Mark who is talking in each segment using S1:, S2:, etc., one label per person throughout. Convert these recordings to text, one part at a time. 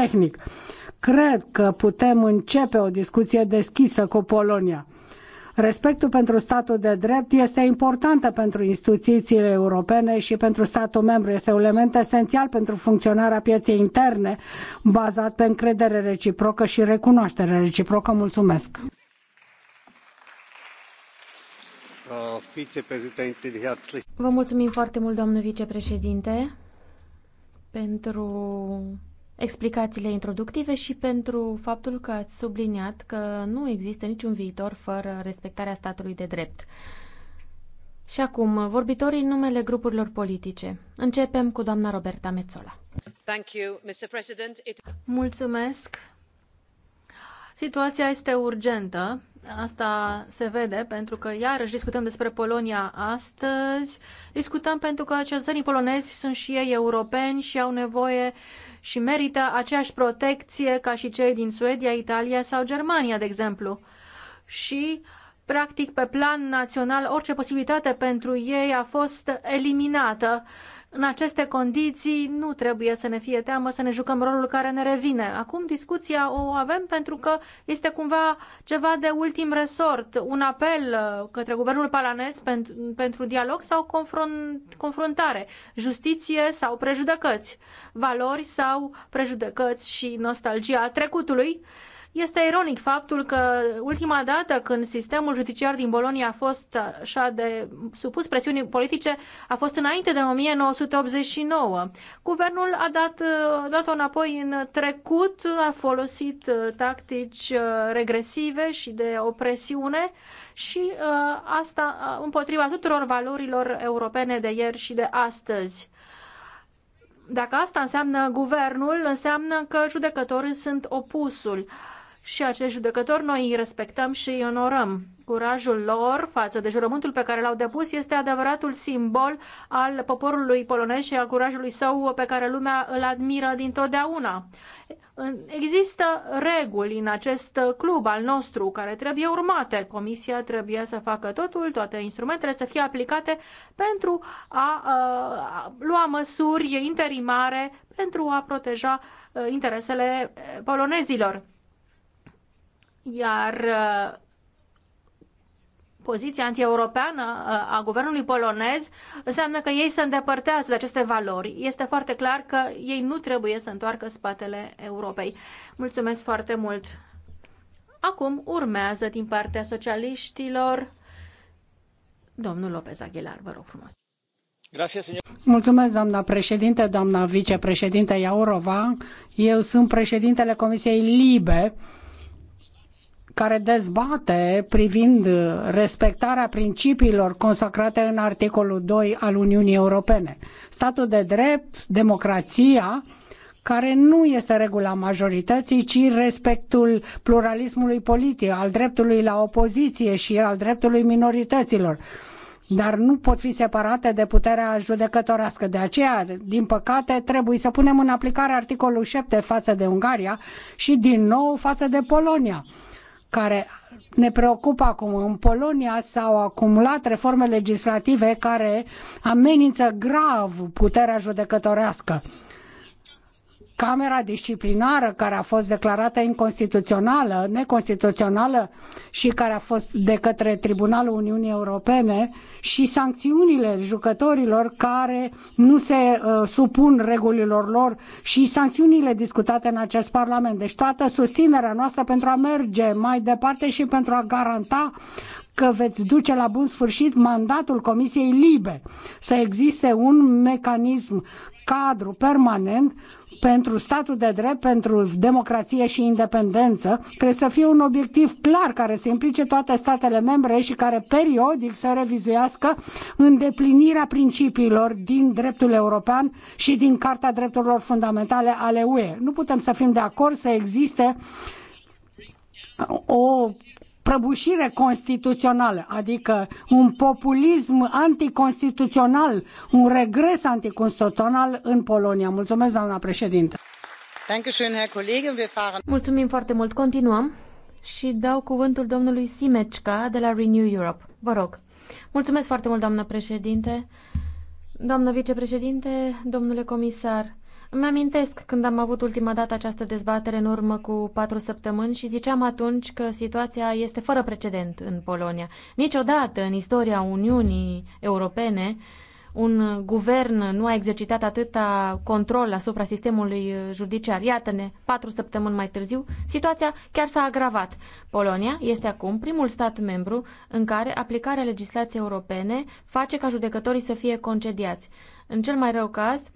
S1: tehnic. Cred că putem începe o discuție deschisă cu Polonia. Respectul pentru statul de drept este important pentru instituțiile europene și pentru statul membru. Este un element esențial pentru funcționarea pieței interne, bazat pe încredere reciprocă și recunoaștere reciprocă. Mulțumesc! Vă mulțumim foarte
S2: mult, domnul vicepreședinte, pentru explicațiile introductive și pentru faptul că ați subliniat că nu există niciun viitor fără respectarea statului de drept. Și acum, vorbitorii în numele grupurilor politice. Începem cu doamna Roberta Mezzola. Mulțumesc. Situația este urgentă. Asta
S3: se vede pentru că iarăși discutăm despre Polonia astăzi. Discutăm pentru că cetățenii polonezi sunt și ei europeni și au nevoie uh, și merită aceeași protecție ca și cei din Suedia, Italia sau Germania, de exemplu. Și practic pe plan național orice posibilitate pentru ei a fost eliminată în aceste condiții nu trebuie să ne fie teamă să ne jucăm rolul care ne revine. Acum discuția o avem pentru că este cumva ceva de ultim resort, un apel uh, către guvernul palanez pentru, pentru dialog sau confrunt, confruntare, justiție sau prejudecăți, valori sau prejudecăți și nostalgia trecutului. Este ironic faptul că ultima dată când sistemul judiciar din Bolonia a fost așa de supus presiunii politice a fost înainte de 1989. Guvernul a dat, a dat-o înapoi în trecut, a folosit uh, tactici uh, regresive și de opresiune și uh, asta împotriva tuturor valorilor europene de ieri și de astăzi. Dacă asta înseamnă guvernul, înseamnă că judecătorii sunt opusul. Uh, și acești judecători noi îi respectăm și îi onorăm. Curajul lor față de jurământul pe care l-au depus este adevăratul simbol al poporului polonez și al curajului său pe care lumea îl admiră dintotdeauna. Există reguli în acest club al nostru care trebuie urmate. Comisia trebuie să facă totul, toate instrumentele să fie aplicate pentru a, a, a lua măsuri interimare pentru a proteja interesele polonezilor. Iar uh, poziția antieuropeană uh, a guvernului polonez înseamnă că ei se îndepărtează de aceste valori. Este foarte clar că ei nu trebuie să întoarcă spatele Europei. Mulțumesc foarte mult! Acum urmează din partea socialiștilor domnul Lopez Aguilar, vă rog frumos.
S1: Mulțumesc, doamna președinte, doamna vicepreședinte Iaurova. Eu sunt președintele Comisiei Libe care dezbate privind respectarea principiilor consacrate în articolul 2 al Uniunii Europene. Statul de drept, democrația, care nu este regula majorității, ci respectul pluralismului politic, al dreptului la opoziție și al dreptului minorităților dar nu pot fi separate de puterea judecătorească. De aceea, din păcate, trebuie să punem în aplicare articolul 7 față de Ungaria și din nou față de Polonia care ne preocupă acum. În Polonia s-au acumulat reforme legislative care amenință grav puterea judecătorească. Camera disciplinară care a fost declarată inconstituțională, neconstituțională și care a fost de către Tribunalul Uniunii Europene și sancțiunile jucătorilor care nu se uh, supun regulilor lor și sancțiunile discutate în acest Parlament. Deci toată susținerea noastră pentru a merge mai departe și pentru a garanta că veți duce la bun sfârșit mandatul Comisiei Libe, să existe un mecanism cadru permanent pentru statul de drept, pentru democrație și independență, trebuie să fie un obiectiv clar care să implice toate statele membre și care periodic să revizuiască îndeplinirea principiilor din dreptul european și din Carta Drepturilor Fundamentale ale UE. Nu putem să fim de acord să existe o prăbușire constituțională, adică un populism anticonstituțional, un regres anticonstituțional în Polonia. Mulțumesc, doamna președintă. Mulțumim foarte mult. Continuăm și dau cuvântul domnului Simecca
S2: de la Renew Europe. Vă rog. Mulțumesc foarte mult, doamnă președinte. Doamnă vicepreședinte, domnule comisar, îmi amintesc când am avut ultima dată această dezbatere în urmă cu patru săptămâni și ziceam atunci că situația este fără precedent în Polonia. Niciodată în istoria Uniunii Europene un guvern nu a exercitat atâta control asupra sistemului judiciar. Iată-ne, patru săptămâni mai târziu, situația chiar s-a agravat. Polonia este acum primul stat membru în care aplicarea legislației europene face ca judecătorii să fie concediați. În cel mai rău caz,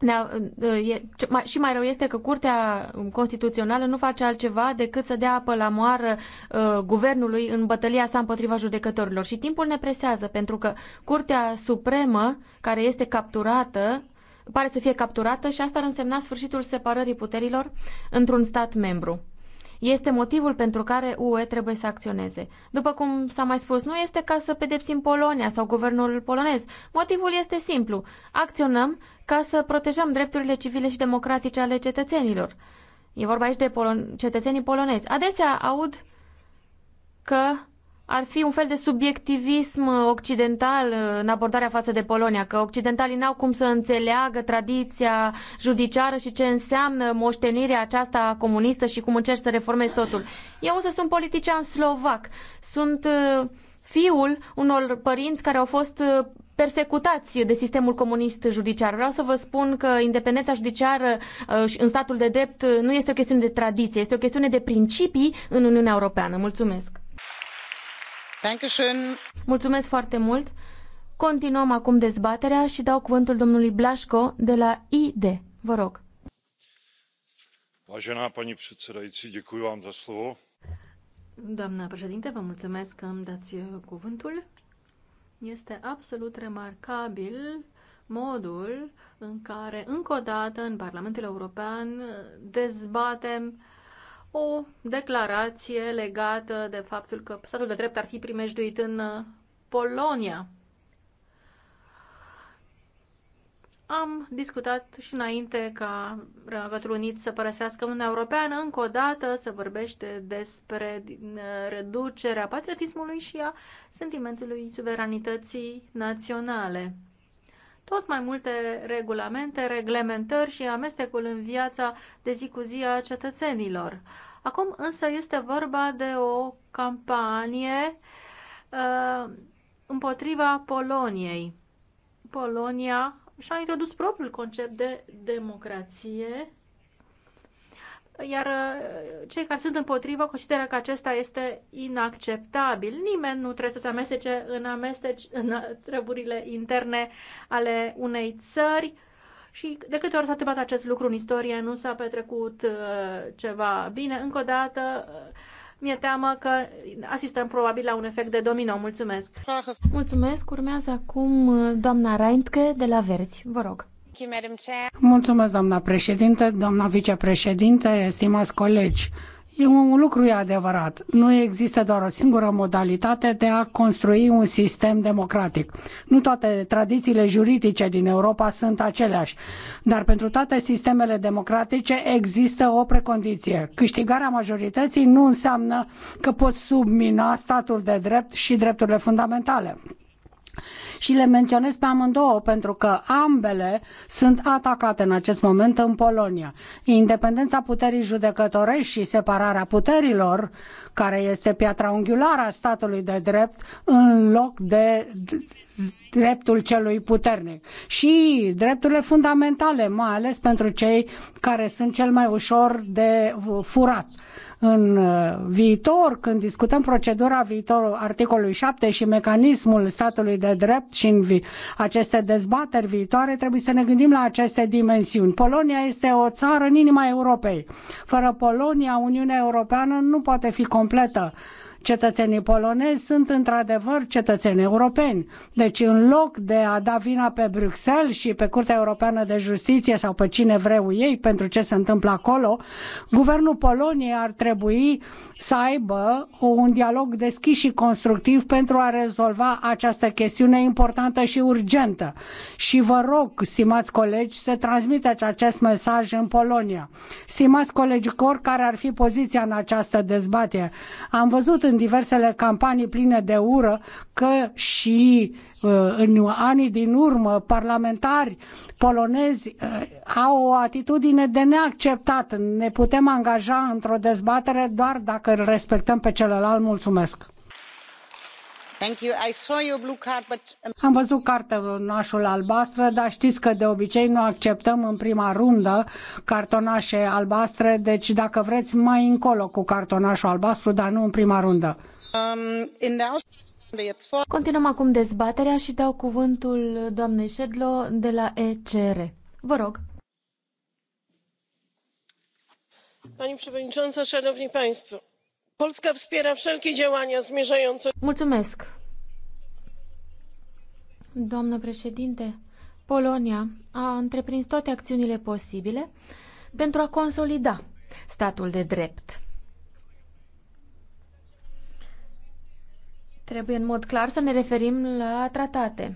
S2: da, e, mai, și mai rău este că Curtea Constituțională nu face altceva decât să dea apă la moară uh, guvernului în bătălia sa împotriva judecătorilor. Și timpul ne presează, pentru că Curtea Supremă, care este capturată, pare să fie capturată și asta ar însemna sfârșitul separării puterilor într-un stat membru. Este motivul pentru care UE trebuie să acționeze. După cum s-a mai spus, nu este ca să pedepsim Polonia sau guvernul polonez. Motivul este simplu. Acționăm ca să protejăm drepturile civile și democratice ale cetățenilor. E vorba aici de polon- cetățenii polonezi. Adesea aud că ar fi un fel de subiectivism uh, occidental uh, în abordarea față de Polonia, că occidentalii n-au cum să înțeleagă tradiția judiciară și ce înseamnă moștenirea aceasta comunistă și cum încerci să reformezi totul. Eu însă sunt politician slovac, sunt uh, fiul unor părinți care au fost persecutați de sistemul comunist judiciar. Vreau să vă spun că independența judiciară în statul de drept nu este o chestiune de tradiție, este o chestiune de principii în Uniunea Europeană. Mulțumesc! Mulțumesc foarte mult! Continuăm acum dezbaterea și dau cuvântul domnului Blașco de la ID. Vă rog.
S3: Vážená paní předsedající, děkuji vám za slovo. Doamna președinte, vă mulțumesc că îmi dați cuvântul. Este absolut remarcabil modul în care, încă o dată, în Parlamentul European dezbatem o declarație legată de faptul că statul de drept ar fi primejduit în uh, Polonia. Am discutat și înainte ca Regatul Unit să părăsească Uniunea Europeană, încă o dată se vorbește despre uh, reducerea patriotismului și a sentimentului suveranității naționale tot mai multe regulamente, reglementări și amestecul în viața de zi cu zi a cetățenilor. Acum însă este vorba de o campanie uh, împotriva Poloniei. Polonia și-a introdus propriul concept de democrație iar uh, cei care sunt împotrivă consideră că acesta este inacceptabil. Nimeni nu trebuie să se amestece în, amesteci, în uh, treburile interne ale unei țări și de câte ori s-a întâmplat acest lucru în istorie, nu s-a petrecut uh, ceva bine. Încă o dată, mi-e teamă că asistăm probabil la
S2: un efect de domino. Mulțumesc! Mulțumesc! Urmează acum doamna Reintke de la Verzi. Vă
S1: rog! Mulțumesc, doamna președinte, doamna vicepreședinte, stimați colegi. E un lucru e adevărat. Nu există doar o singură modalitate de a construi un sistem democratic. Nu toate tradițiile juridice din Europa sunt aceleași, dar pentru toate sistemele democratice există o precondiție. Câștigarea majorității nu înseamnă că poți submina statul de drept și drepturile fundamentale și le menționez pe amândouă pentru că ambele sunt atacate în acest moment în Polonia. Independența puterii judecătorești și separarea puterilor, care este piatra unghiulară a statului de drept, în loc de dreptul celui puternic și drepturile fundamentale, mai ales pentru cei care sunt cel mai ușor de furat în uh, viitor, când discutăm procedura viitor, articolului 7 și mecanismul statului de drept și în aceste dezbateri viitoare, trebuie să ne gândim la aceste dimensiuni. Polonia este o țară în inima Europei. Fără Polonia, Uniunea Europeană nu poate fi completă. Cetățenii polonezi sunt într-adevăr cetățeni europeni. Deci în loc de a da vina pe Bruxelles și pe Curtea Europeană de Justiție sau pe cine vreau ei pentru ce se întâmplă acolo, guvernul Poloniei ar trebui să aibă un dialog deschis și constructiv pentru a rezolva această chestiune importantă și urgentă. Și vă rog, stimați colegi, să transmiteți acest mesaj în Polonia. Stimați colegi cor, care ar fi poziția în această dezbatere? Am văzut în diversele campanii pline de ură că și Uh, în anii din urmă, parlamentari polonezi uh, au o atitudine de neacceptat. Ne putem angaja într-o dezbatere doar dacă îl respectăm pe celălalt. Mulțumesc! Um, Am văzut cartonașul albastră, dar știți că de obicei nu acceptăm în prima rundă cartonașe albastre, deci dacă vreți mai încolo cu cartonașul albastru, dar nu în prima rundă. Um,
S2: Continuăm acum dezbaterea și dau cuvântul doamnei Ședlo de la ECR. Vă rog.
S3: Pani przewodnicząca, szanowni państwo. Polska wspiera wszelkie działania zmierzające.
S2: Mulțumesc. Doamnă președinte, Polonia a întreprins toate acțiunile posibile pentru a consolida statul de drept Trebuie în mod clar să ne referim la tratate.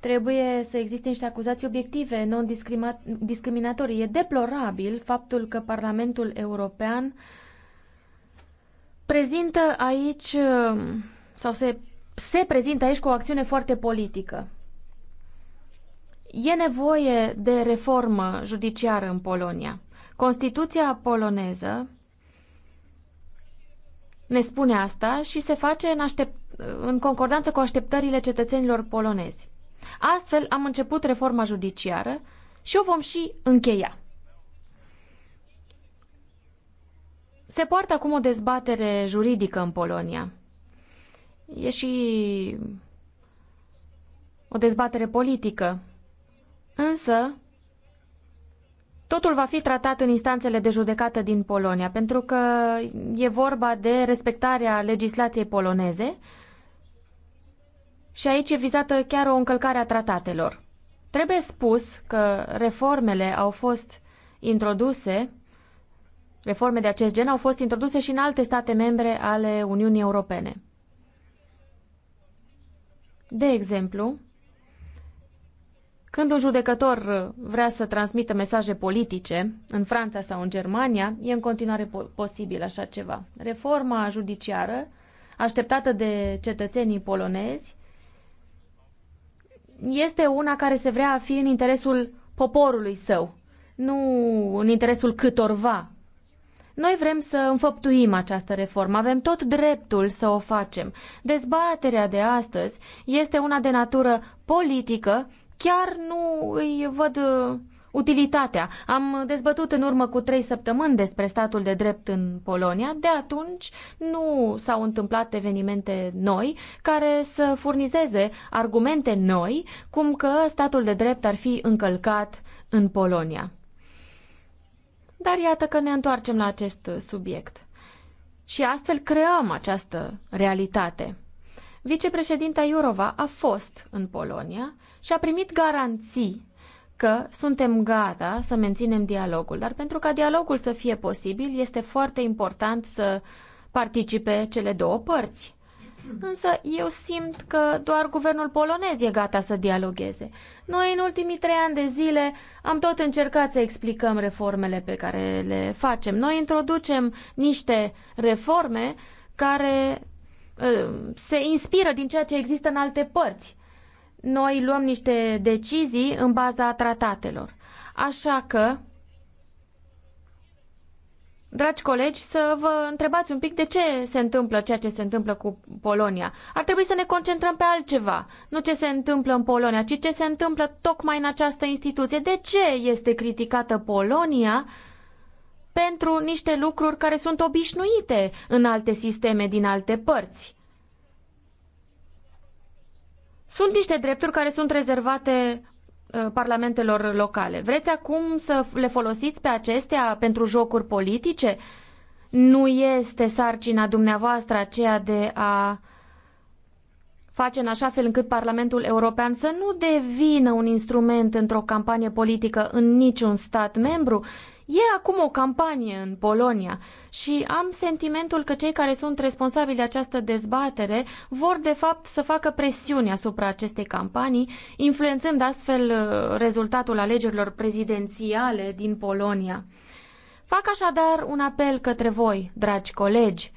S2: Trebuie să existe niște acuzații obiective, non-discriminatorii. E deplorabil faptul că Parlamentul European prezintă aici sau se, se prezintă aici cu o acțiune foarte politică. E nevoie de reformă judiciară în Polonia. Constituția poloneză ne spune asta și se face în aștept în concordanță cu așteptările cetățenilor polonezi. Astfel am început reforma judiciară și o vom și încheia. Se poartă acum o dezbatere juridică în Polonia. E și o dezbatere politică. Însă, totul va fi tratat în instanțele de judecată din Polonia, pentru că e vorba de respectarea legislației poloneze și aici e vizată chiar o încălcare a tratatelor. Trebuie spus că reformele au fost introduse, reforme de acest gen au fost introduse și în alte state membre ale Uniunii Europene. De exemplu, când un judecător vrea să transmită mesaje politice în Franța sau în Germania, e în continuare po posibil așa ceva. Reforma judiciară, așteptată de cetățenii polonezi, este una care se vrea a fi în interesul poporului său, nu în interesul câtorva. Noi vrem să înfăptuim această reformă, avem tot dreptul să o facem. Dezbaterea de astăzi este una de natură politică, chiar nu îi văd Utilitatea. Am dezbătut în urmă cu trei săptămâni despre statul de drept în Polonia. De atunci nu s-au întâmplat evenimente noi care să furnizeze argumente noi cum că statul de drept ar fi încălcat în Polonia. Dar iată că ne întoarcem la acest subiect. Și astfel creăm această realitate. Vicepreședinta Iurova a fost în Polonia și a primit garanții că suntem gata să menținem dialogul, dar pentru ca dialogul să fie posibil, este foarte important să participe cele două părți. Însă eu simt că doar guvernul polonez e gata să dialogueze. Noi în ultimii trei ani de zile am tot încercat să explicăm reformele pe care le facem. Noi introducem niște reforme care ă, se inspiră din ceea ce există în alte părți noi luăm niște decizii în baza tratatelor. Așa că, dragi colegi, să vă întrebați un pic de ce se întâmplă ceea ce se întâmplă cu Polonia. Ar trebui să ne concentrăm pe altceva, nu ce se întâmplă în Polonia, ci ce se întâmplă tocmai în această instituție. De ce este criticată Polonia pentru niște lucruri care sunt obișnuite în alte sisteme din alte părți? Sunt niște drepturi care sunt rezervate ă, parlamentelor locale. Vreți acum să le folosiți pe acestea pentru jocuri politice? Nu este sarcina dumneavoastră aceea de a face în așa fel încât Parlamentul European să nu devină un instrument într-o campanie politică în niciun stat membru E acum o campanie în Polonia și am sentimentul că cei care sunt responsabili de această dezbatere vor de fapt să facă presiune asupra acestei campanii, influențând astfel uh, rezultatul alegerilor prezidențiale din Polonia. Fac așadar un apel către voi, dragi colegi,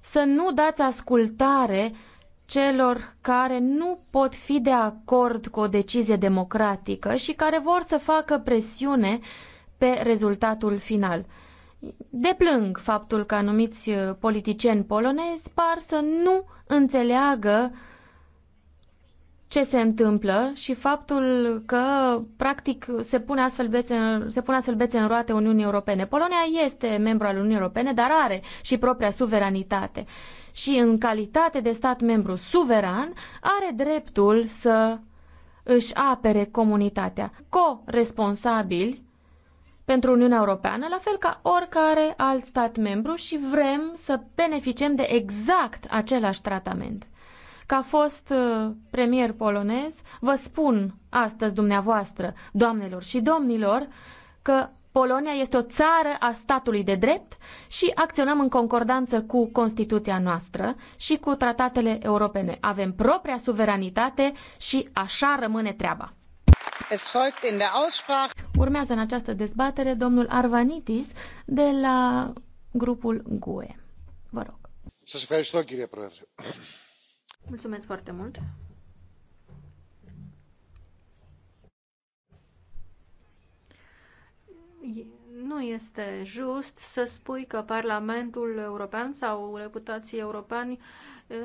S2: să nu dați ascultare celor care nu pot fi de acord cu o decizie democratică și care vor să facă presiune pe rezultatul final. Deplâng faptul că anumiți uh, politicieni polonezi par să nu înțeleagă ce se întâmplă și faptul că, practic, se, pune astfel bețe, în, se pune astfel bețe în roate Uniunii Europene. Polonia este membru al Uniunii Europene, dar are și propria suveranitate. Și în calitate de stat membru suveran, are dreptul să își apere comunitatea. Co-responsabili pentru Uniunea Europeană, la fel ca oricare alt stat membru și vrem să beneficiem de exact același tratament. Ca fost uh, premier polonez, vă spun astăzi dumneavoastră, doamnelor și domnilor, că Polonia este o țară a statului de drept și acționăm în concordanță cu Constituția noastră și cu tratatele europene. Avem propria suveranitate și așa rămâne treaba. Urmează în această dezbatere domnul Arvanitis de la grupul GUE. Vă rog. Mulțumesc
S3: foarte mult. Nu este just să spui că Parlamentul European sau reputații europeni uh,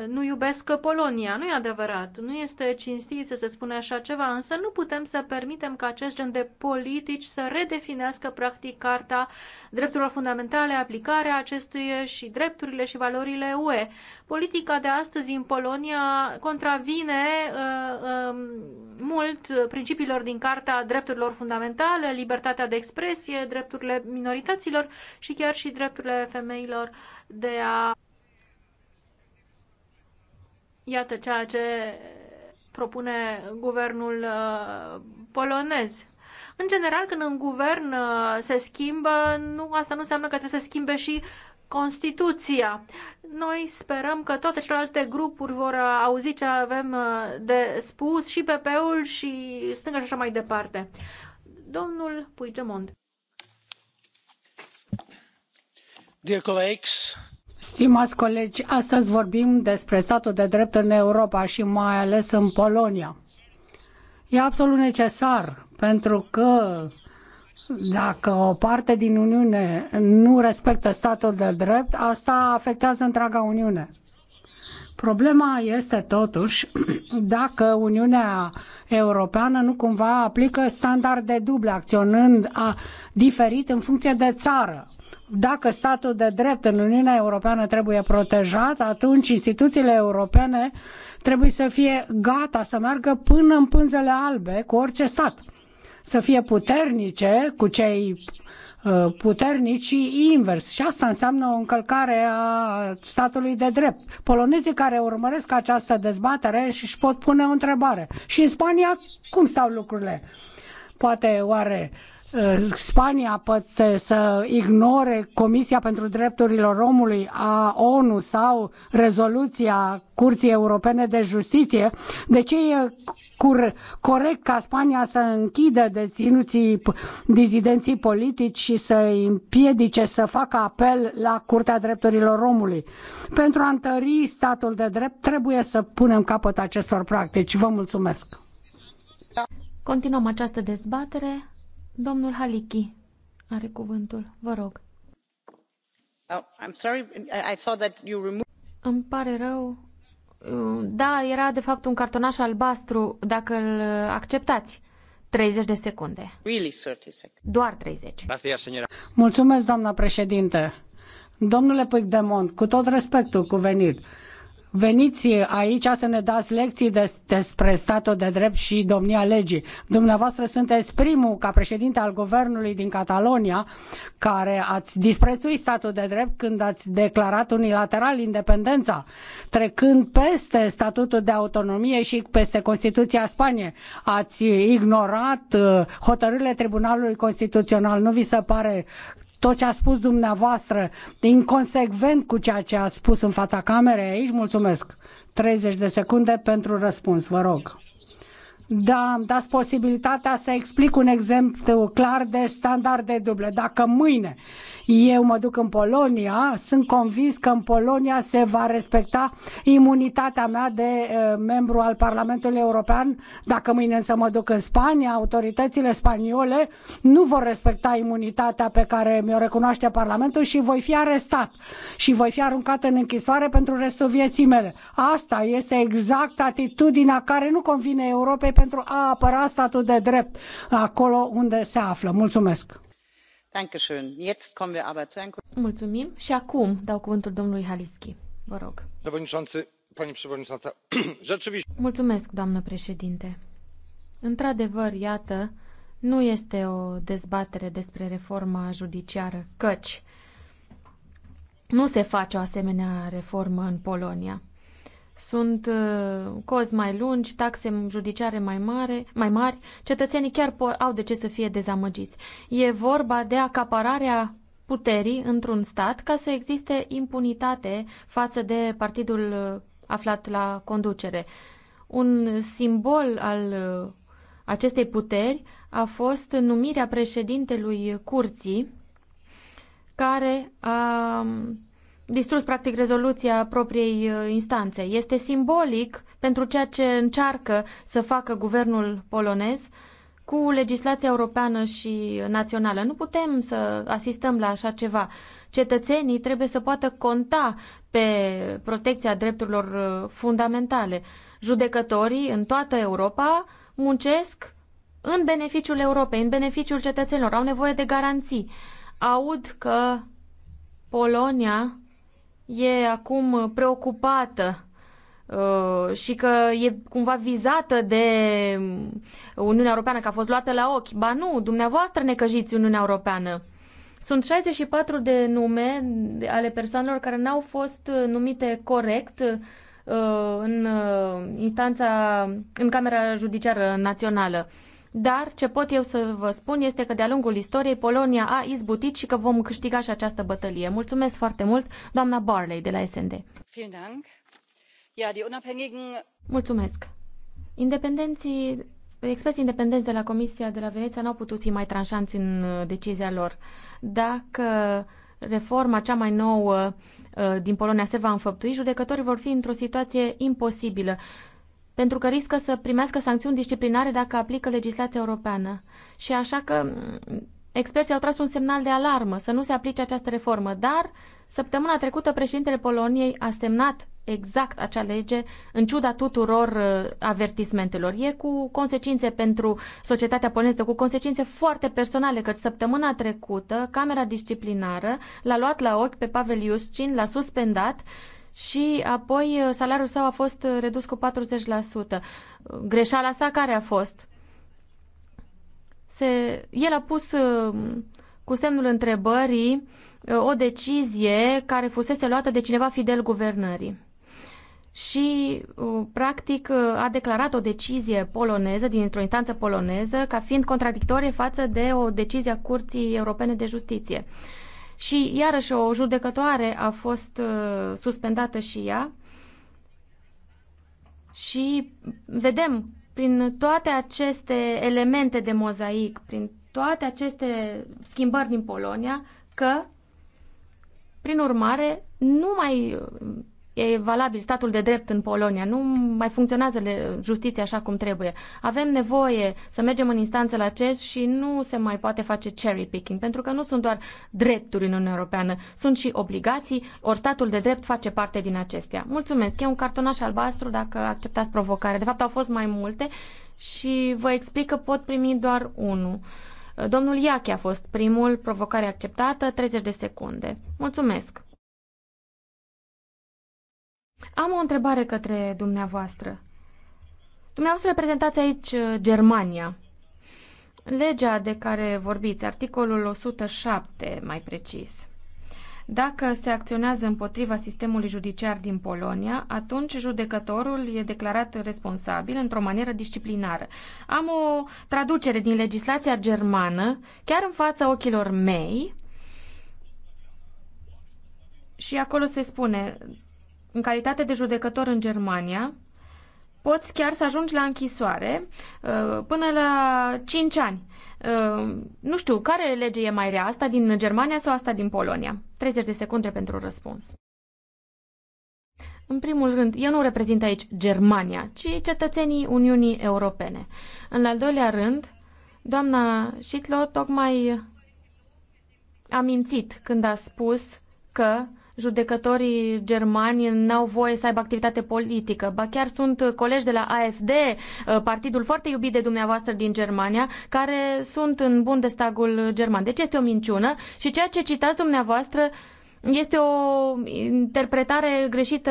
S3: nu iubesc Polonia. Nu e adevărat, nu este cinstit să se spune așa ceva, însă nu putem să permitem ca acest gen de politici să redefinească practic Carta Drepturilor Fundamentale, aplicarea acestuia și drepturile și valorile UE. Politica de astăzi în Polonia contravine uh, uh, mult principiilor din Carta Drepturilor Fundamentale, libertatea de expresie, drepturile minorităților și chiar și drepturile femeilor de a Iată ceea ce propune guvernul uh, polonez. În general, când un guvern uh, se schimbă, nu, asta nu înseamnă că trebuie să schimbe și Constituția. Noi sperăm că toate celelalte grupuri vor uh, auzi ce avem de spus, și PP-ul, și stânga și așa mai departe. Domnul Puigdemont.
S1: Dear colleagues, Stimați colegi, astăzi vorbim despre statul de drept în Europa și mai ales în Polonia. E absolut necesar pentru că dacă o parte din Uniune nu respectă statul de drept, asta afectează întreaga Uniune. Problema este totuși dacă Uniunea Europeană nu cumva aplică standarde duble, acționând a, diferit în funcție de țară dacă statul de drept în Uniunea Europeană trebuie protejat, atunci instituțiile europene trebuie să fie gata să meargă până în pânzele albe cu orice stat. Să fie puternice cu cei uh, puternici și invers. Și asta înseamnă o încălcare a statului de drept. Polonezii care urmăresc această dezbatere își pot pune o întrebare. Și în Spania, cum stau lucrurile? Poate oare Eh, Spania poate să ignore Comisia pentru Drepturile Omului a ONU sau rezoluția Curții Europene de Justiție, de ce e corect ca Spania să închidă deținuții dizidenții politici și să îi împiedice să facă apel la Curtea Drepturilor Omului? Pentru a întări statul de drept, trebuie să punem capăt acestor practici. Vă mulțumesc!
S2: Continuăm această dezbatere. Domnul Haliki are cuvântul. Vă rog.
S1: Oh, I'm sorry. I saw that you removed...
S2: Îmi pare rău. Uh, da, era de fapt un cartonaș albastru, dacă îl acceptați. 30 de secunde.
S1: Really 30 secunde.
S2: Doar 30.
S1: Mulțumesc, doamna președinte. Domnule Puigdemont, cu tot respectul cuvenit, veniți aici să ne dați lecții despre statul de drept și domnia legii. Dumneavoastră sunteți primul ca președinte al guvernului din Catalonia care ați disprețuit statul de drept când ați declarat unilateral independența, trecând peste statutul de autonomie și peste Constituția Spaniei. Ați ignorat uh, hotărârile Tribunalului Constituțional. Nu vi se pare tot ce a spus dumneavoastră, de inconsecvent cu ceea ce a spus în fața camerei aici. Mulțumesc. 30 de secunde pentru răspuns, vă rog da, îmi dați posibilitatea să explic un exemplu clar de standarde duble. Dacă mâine eu mă duc în Polonia, sunt convins că în Polonia se va respecta imunitatea mea de uh, membru al Parlamentului European. Dacă mâine însă mă duc în Spania, autoritățile spaniole nu vor respecta imunitatea pe care mi-o recunoaște Parlamentul și voi fi arestat și voi fi aruncat în închisoare pentru restul vieții mele. Asta este exact atitudinea care nu convine Europei pentru a apăra statul de drept acolo unde se află. Mulțumesc! Mulțumim și acum dau cuvântul domnului Halischi.
S2: Vă rog. Mulțumesc, doamnă președinte. Într-adevăr, iată, nu este o dezbatere despre reforma judiciară, căci nu se face o asemenea reformă în Polonia sunt uh, cozi mai lungi, taxe judiciare mai, mare, mai mari, cetățenii chiar au de ce să fie dezamăgiți. E vorba de acapararea puterii într-un stat ca să existe impunitate față de partidul uh, aflat la conducere. Un simbol al uh, acestei puteri a fost numirea președintelui curții care a distrus practic rezoluția propriei uh, instanțe. Este simbolic pentru ceea ce încearcă să facă guvernul polonez cu legislația europeană și națională. Nu putem să asistăm la așa ceva. Cetățenii trebuie să poată conta pe protecția drepturilor uh, fundamentale. Judecătorii în toată Europa muncesc în beneficiul Europei, în beneficiul cetățenilor. Au nevoie de garanții. Aud că Polonia e acum uh, preocupată uh, și că e cumva vizată de um, Uniunea Europeană, că a fost luată la ochi. Ba nu, dumneavoastră căjiți Uniunea Europeană. Sunt 64 de nume ale persoanelor care n-au fost uh, numite corect în instanța, în Camera Judiciară Națională. Dar ce pot eu să vă spun este că de-a lungul istoriei Polonia a izbutit și că vom câștiga și această bătălie. Mulțumesc foarte mult, doamna Barley de la SND. Mulțumesc. Independenții, experții independenți de la Comisia de la Veneția n-au putut fi mai tranșanți în uh, decizia lor. Dacă reforma cea mai nouă uh, din Polonia se va înfăptui, judecătorii vor fi într-o situație imposibilă pentru că riscă să primească sancțiuni disciplinare dacă aplică legislația europeană. Și așa că mm, experții au tras un semnal de alarmă să nu se aplice această reformă, dar săptămâna trecută președintele Poloniei a semnat exact acea lege în ciuda tuturor uh, avertismentelor. E cu consecințe pentru societatea poloneză, cu consecințe foarte personale, căci săptămâna trecută Camera Disciplinară l-a luat la ochi pe Pavel Iuscin, l-a suspendat și apoi uh, salariul său a fost uh, redus cu 40%. Uh, greșeala sa care a fost? Se, el a pus cu semnul întrebării o decizie care fusese luată de cineva fidel guvernării. Și, practic, a declarat o decizie poloneză, dintr-o instanță poloneză, ca fiind contradictorie față de o decizie a Curții Europene de Justiție. Uh, și iarăși o judecătoare a fost uh, suspendată și ea. Și vedem prin toate aceste elemente de mozaic, prin toate aceste schimbări din Polonia, că, prin urmare, nu mai e valabil statul de drept în Polonia, nu mai funcționează justiția așa cum trebuie. Avem nevoie să mergem în instanță la CES și nu se mai poate face cherry picking, pentru că nu sunt doar drepturi în Uniunea Europeană, sunt și obligații, ori statul de drept face parte din acestea. Mulțumesc, e un cartonaș albastru dacă acceptați provocare. De fapt au fost mai multe și vă explic că pot primi doar unul. Domnul Iache a fost primul, provocare acceptată, 30 de secunde. Mulțumesc! Am o întrebare către dumneavoastră. Dumneavoastră reprezentați aici uh, Germania. Legea de care vorbiți, articolul 107 mai precis. Dacă se acționează împotriva sistemului judiciar din Polonia, atunci judecătorul e declarat responsabil într-o manieră disciplinară. Am o traducere din legislația germană, chiar în fața ochilor mei, și acolo se spune, în calitate de judecător în Germania, poți chiar să ajungi la închisoare uh, până la 5 ani. Uh, nu știu, care lege e mai rea, asta din Germania sau asta din Polonia? 30 de secunde pentru răspuns. În primul rând, eu nu reprezint aici Germania, ci cetățenii Uniunii Europene. În al doilea rând, doamna Schittler tocmai a mințit când a spus că uh, judecătorii germani n-au voie să aibă activitate politică. Ba chiar sunt colegi de la AFD, uh, partidul foarte iubit de dumneavoastră din Germania, care sunt în bundestagul german. Deci este o minciună și ceea ce citați dumneavoastră este o interpretare greșită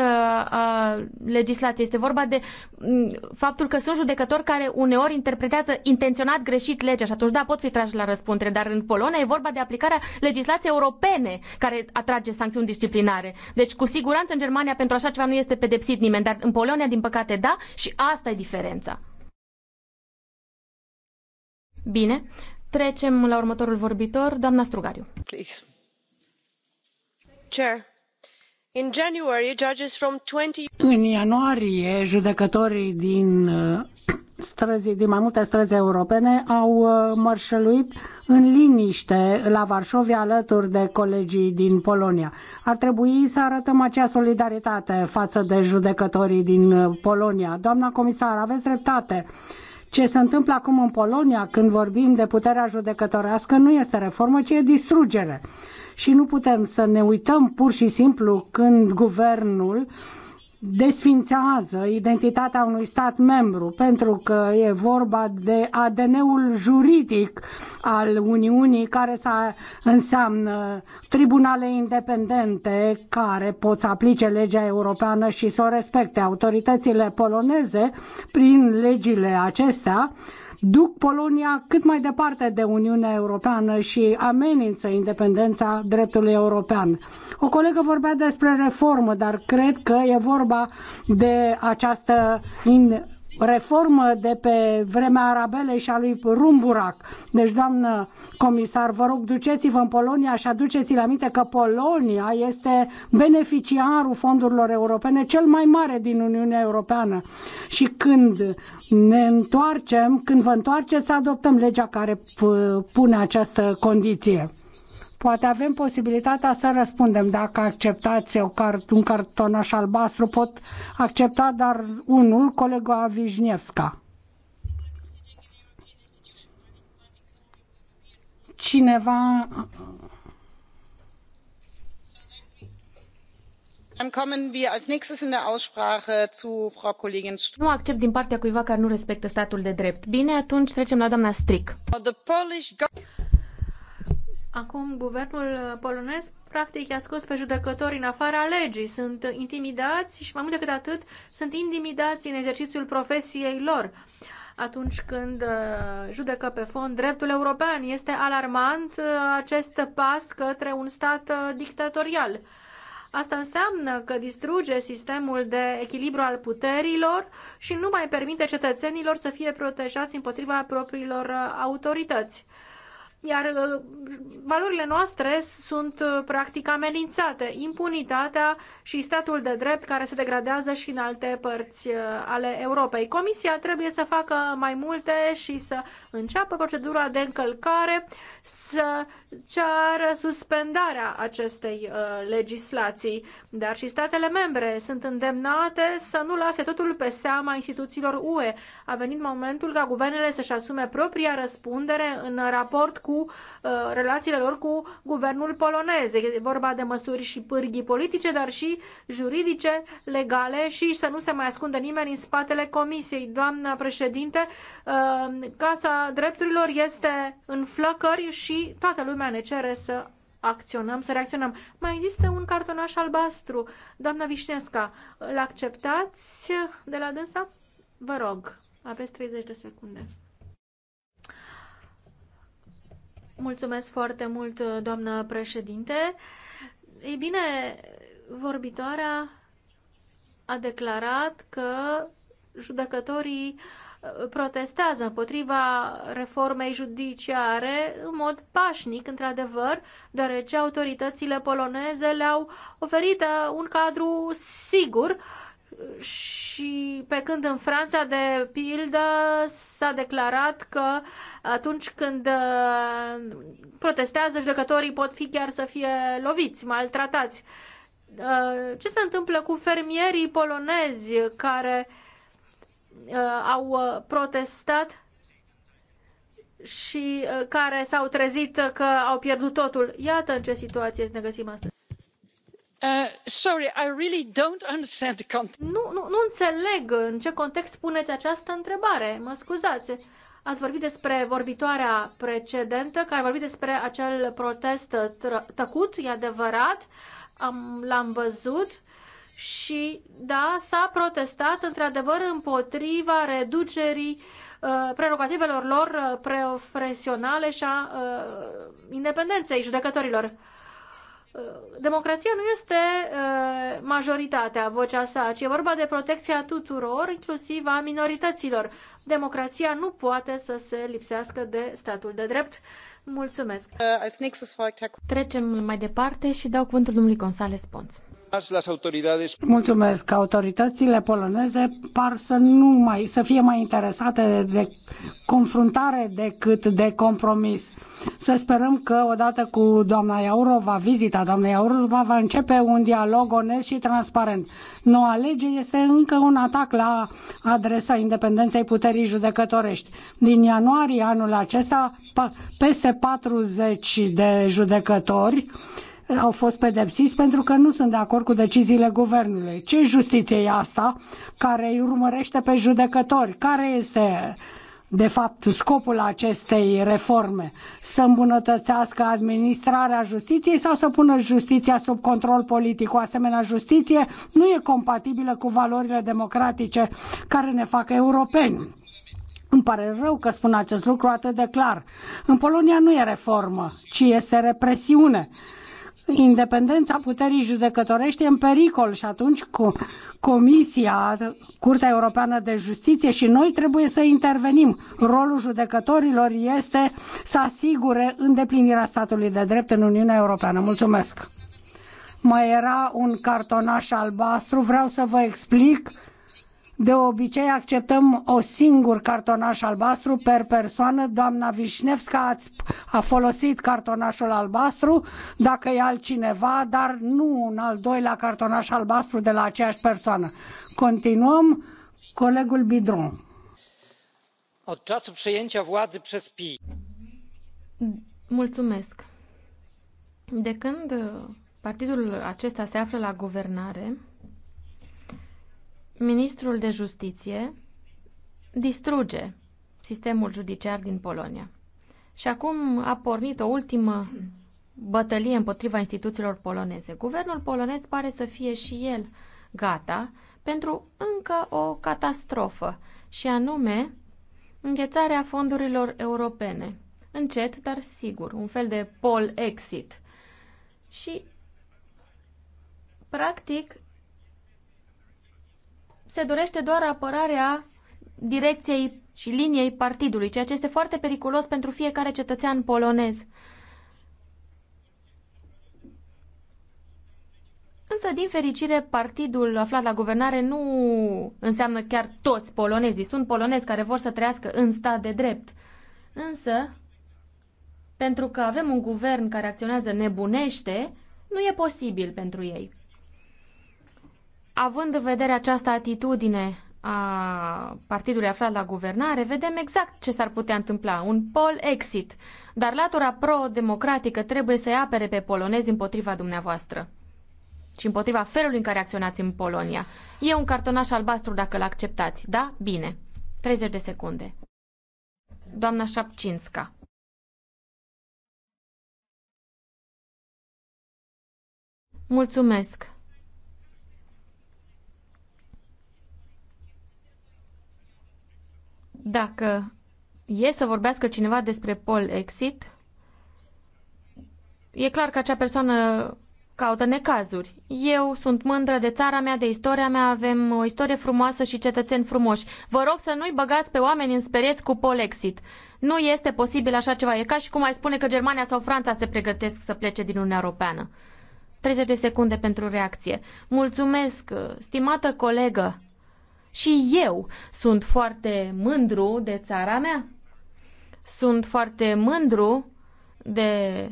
S2: a legislației. Este vorba de mm, faptul că sunt judecători care uneori interpretează intenționat greșit legea și atunci, da, pot fi trași la răspundere, dar în Polonia e vorba de aplicarea legislației europene care atrage sancțiuni disciplinare. Deci, cu siguranță, în Germania pentru așa ceva nu este pedepsit nimeni, dar în Polonia, din păcate, da, și asta e diferența. Bine, trecem la următorul vorbitor, doamna Strugariu. Please
S1: în ianuarie judecătorii din uh, străzi, mai multe străzi europene au uh, mărșăluit în liniște la Varșovia alături de colegii din Polonia. Ar trebui să arătăm acea solidaritate față de judecătorii din uh, Polonia. Doamna comisar, aveți dreptate. Ce se întâmplă acum în Polonia când vorbim de puterea judecătorească nu este reformă, ci e distrugere și nu putem să ne uităm pur și simplu când guvernul desfințează identitatea unui stat membru, pentru că e vorba de ADN-ul juridic al Uniunii, care să înseamnă tribunale independente care pot să aplice legea europeană și să o respecte. Autoritățile poloneze, prin legile acestea, duc Polonia cât mai departe de Uniunea Europeană și amenință independența dreptului european. O colegă vorbea despre reformă, dar cred că e vorba de această in reformă de pe vremea Arabelei și a lui Rumburac. Deci, doamnă comisar, vă rog, duceți-vă în Polonia și aduceți l aminte că Polonia este beneficiarul fondurilor europene cel mai mare din Uniunea Europeană. Și când ne întoarcem, când vă întoarceți, să adoptăm legea care pune această condiție. Poate avem posibilitatea să răspundem dacă acceptați un cartonaș albastru, pot accepta, dar unul, colega Vișnevska. Cineva
S2: nu accept din partea cuiva care nu respectă statul de drept. bine atunci trecem la doamna strick.
S3: Acum guvernul uh, polonez practic i-a scos pe judecători în afara legii, sunt intimidați și mai mult decât atât sunt intimidați în exercițiul profesiei lor atunci când uh, judecă pe fond dreptul european. Este alarmant uh, acest pas către un stat dictatorial. Asta înseamnă că distruge sistemul de echilibru al puterilor și nu mai permite cetățenilor să fie protejați împotriva propriilor autorități iar uh, valorile noastre sunt uh, practic amenințate, impunitatea și statul de drept care se degradează și în alte părți uh, ale Europei. Comisia trebuie să facă mai multe și să înceapă procedura de încălcare, să ceară suspendarea acestei legislații, dar și statele membre sunt îndemnate să nu lase totul pe seama instituțiilor UE. A venit momentul ca guvernele să-și asume propria răspundere în raport cu cu uh, relațiile lor cu guvernul polonez. E vorba de măsuri și pârghii politice, dar și juridice, legale și să nu se mai ascundă nimeni în spatele comisiei. Doamna președinte, uh, Casa Drepturilor este în flăcări și toată lumea ne cere să acționăm, să reacționăm. Mai există un cartonaș albastru. Doamna Vișnesca, îl acceptați de la dânsa? Vă rog, aveți 30 de secunde. Mulțumesc foarte mult, doamnă președinte. Ei bine, vorbitoarea a declarat că judecătorii uh, protestează împotriva reformei judiciare în mod pașnic, într-adevăr, deoarece autoritățile poloneze le-au oferit uh, un cadru sigur uh, și pe când în Franța, de pildă, s-a declarat că atunci când uh, protestează, judecătorii pot fi chiar să fie loviți, maltratați. Uh, ce se întâmplă cu fermierii polonezi care uh, au protestat și care s-au trezit că au pierdut totul? Iată în ce situație ne găsim astăzi. Nu, înțeleg în ce context puneți această întrebare. Mă scuzați. Ați vorbit despre vorbitoarea precedentă, care a vorbit despre acel protest tăcut, e adevărat, l-am văzut și, da, s-a protestat într-adevăr împotriva reducerii uh, prerogativelor lor uh, profesionale și a uh, independenței judecătorilor. Uh, democrația nu este uh, majoritatea, vocea sa, ci e vorba de protecția tuturor, inclusiv a minorităților. Democrația nu poate să se lipsească de statul
S2: de drept. Mulțumesc! Uh, Trecem mai departe și dau cuvântul domnului
S1: González Pons. Mulțumesc. Autoritățile poloneze par să nu mai să fie mai interesate de confruntare decât de compromis. Să sperăm că odată cu doamna Iaurova, vizita doamnei Iaurova va începe un dialog onest și transparent. Noua lege este încă un atac la adresa independenței puterii judecătorești. Din ianuarie anul acesta, peste 40 de judecători au fost pedepsiți pentru că nu sunt de acord cu deciziile guvernului. Ce justiție e asta care îi urmărește pe judecători? Care este de fapt, scopul acestei reforme? Să îmbunătățească administrarea justiției sau să pună justiția sub control politic? O asemenea justiție nu e compatibilă cu valorile democratice care ne fac europeni. Îmi pare rău că spun acest lucru atât de clar. În Polonia nu e reformă, ci este represiune independența puterii judecătorești e în pericol și atunci cu Comisia, Curtea Europeană de Justiție și noi trebuie să intervenim. Rolul judecătorilor este să asigure îndeplinirea statului de drept în Uniunea Europeană. Mulțumesc! Mai era un cartonaș albastru, vreau să vă explic de obicei acceptăm o singur cartonaș albastru per persoană. Doamna Vișnevska ați, a folosit cartonașul albastru, dacă e altcineva, dar nu un al doilea cartonaș albastru de la aceeași persoană. Continuăm. Colegul Bidron. Od czasu przejęcia władzy przez
S2: Mulțumesc. De când uh, partidul acesta se află la guvernare, ministrul de justiție distruge sistemul judiciar din Polonia. Și acum a pornit o ultimă bătălie împotriva instituțiilor poloneze. Guvernul polonez pare să fie și el gata pentru încă o catastrofă, și anume înghețarea fondurilor europene. Încet, dar sigur, un fel de pol exit. Și, practic, se dorește doar apărarea direcției și liniei partidului, ceea ce este foarte periculos pentru fiecare cetățean polonez. Însă, din fericire, partidul aflat la guvernare nu înseamnă chiar toți polonezii. Sunt polonezi care vor să trăiască în stat de drept. Însă, pentru că avem un guvern care acționează nebunește, nu e posibil pentru ei. Având în vedere această atitudine a partidului aflat la guvernare, vedem exact ce s-ar putea întâmpla. Un pol exit. Dar latura pro-democratică trebuie să-i apere pe polonezi împotriva dumneavoastră și împotriva felului în care acționați în Polonia. E un cartonaș albastru dacă l acceptați, da? Bine. 30 de secunde. Doamna Șapcinska. Mulțumesc. Dacă e să vorbească cineva despre pol exit, e clar că acea persoană caută necazuri. Eu sunt mândră de țara mea, de istoria mea, avem o istorie frumoasă și cetățeni frumoși. Vă rog să nu-i băgați pe oameni în spereți cu Polexit. Nu este posibil așa ceva. E ca și cum ai spune că Germania sau Franța se pregătesc să plece din Uniunea Europeană. 30 de secunde pentru reacție. Mulțumesc, stimată colegă. Și eu sunt foarte mândru de țara mea. Sunt foarte mândru de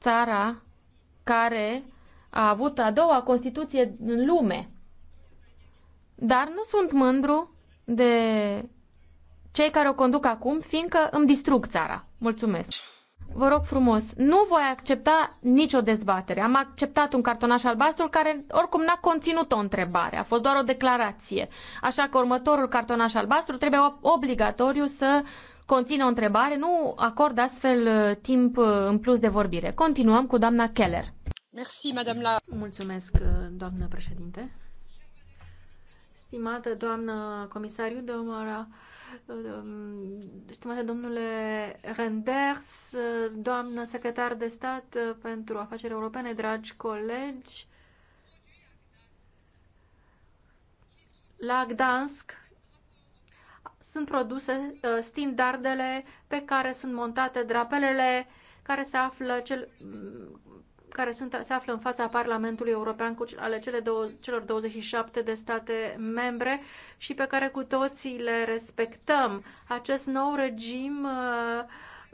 S2: țara care a avut a doua Constituție în lume. Dar nu sunt mândru de cei care o conduc acum, fiindcă îmi distrug țara. Mulțumesc! vă rog frumos, nu voi accepta nicio dezbatere. Am acceptat un cartonaș albastru care oricum n-a conținut o întrebare, a fost doar o declarație. Așa că următorul cartonaș albastru trebuie obligatoriu să conțină o întrebare, nu acord astfel uh, timp uh, în plus de vorbire. Continuăm cu doamna Keller.
S3: Mulțumesc, uh, doamnă președinte. Stimată doamnă comisariu, doamna um, stimate domnule Renders, doamnă secretar de stat uh, pentru afaceri europene, dragi colegi, la Gdansk sunt produse uh, standardele pe care sunt montate drapelele care se află cel, care sunt, se află în fața Parlamentului European cu ale cele două, celor 27 de state membre și pe care cu toții le respectăm. Acest nou regim uh,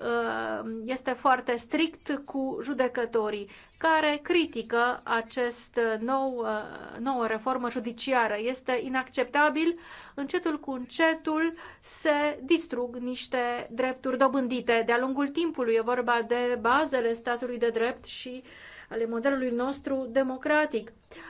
S3: uh, este foarte strict cu judecătorii care critică acest nou, uh, nouă reformă judiciară. Este inacceptabil, încetul cu încetul se distrug niște drepturi dobândite. De-a lungul timpului e vorba de bazele statului de drept și ale modelului nostru democratic. Uh,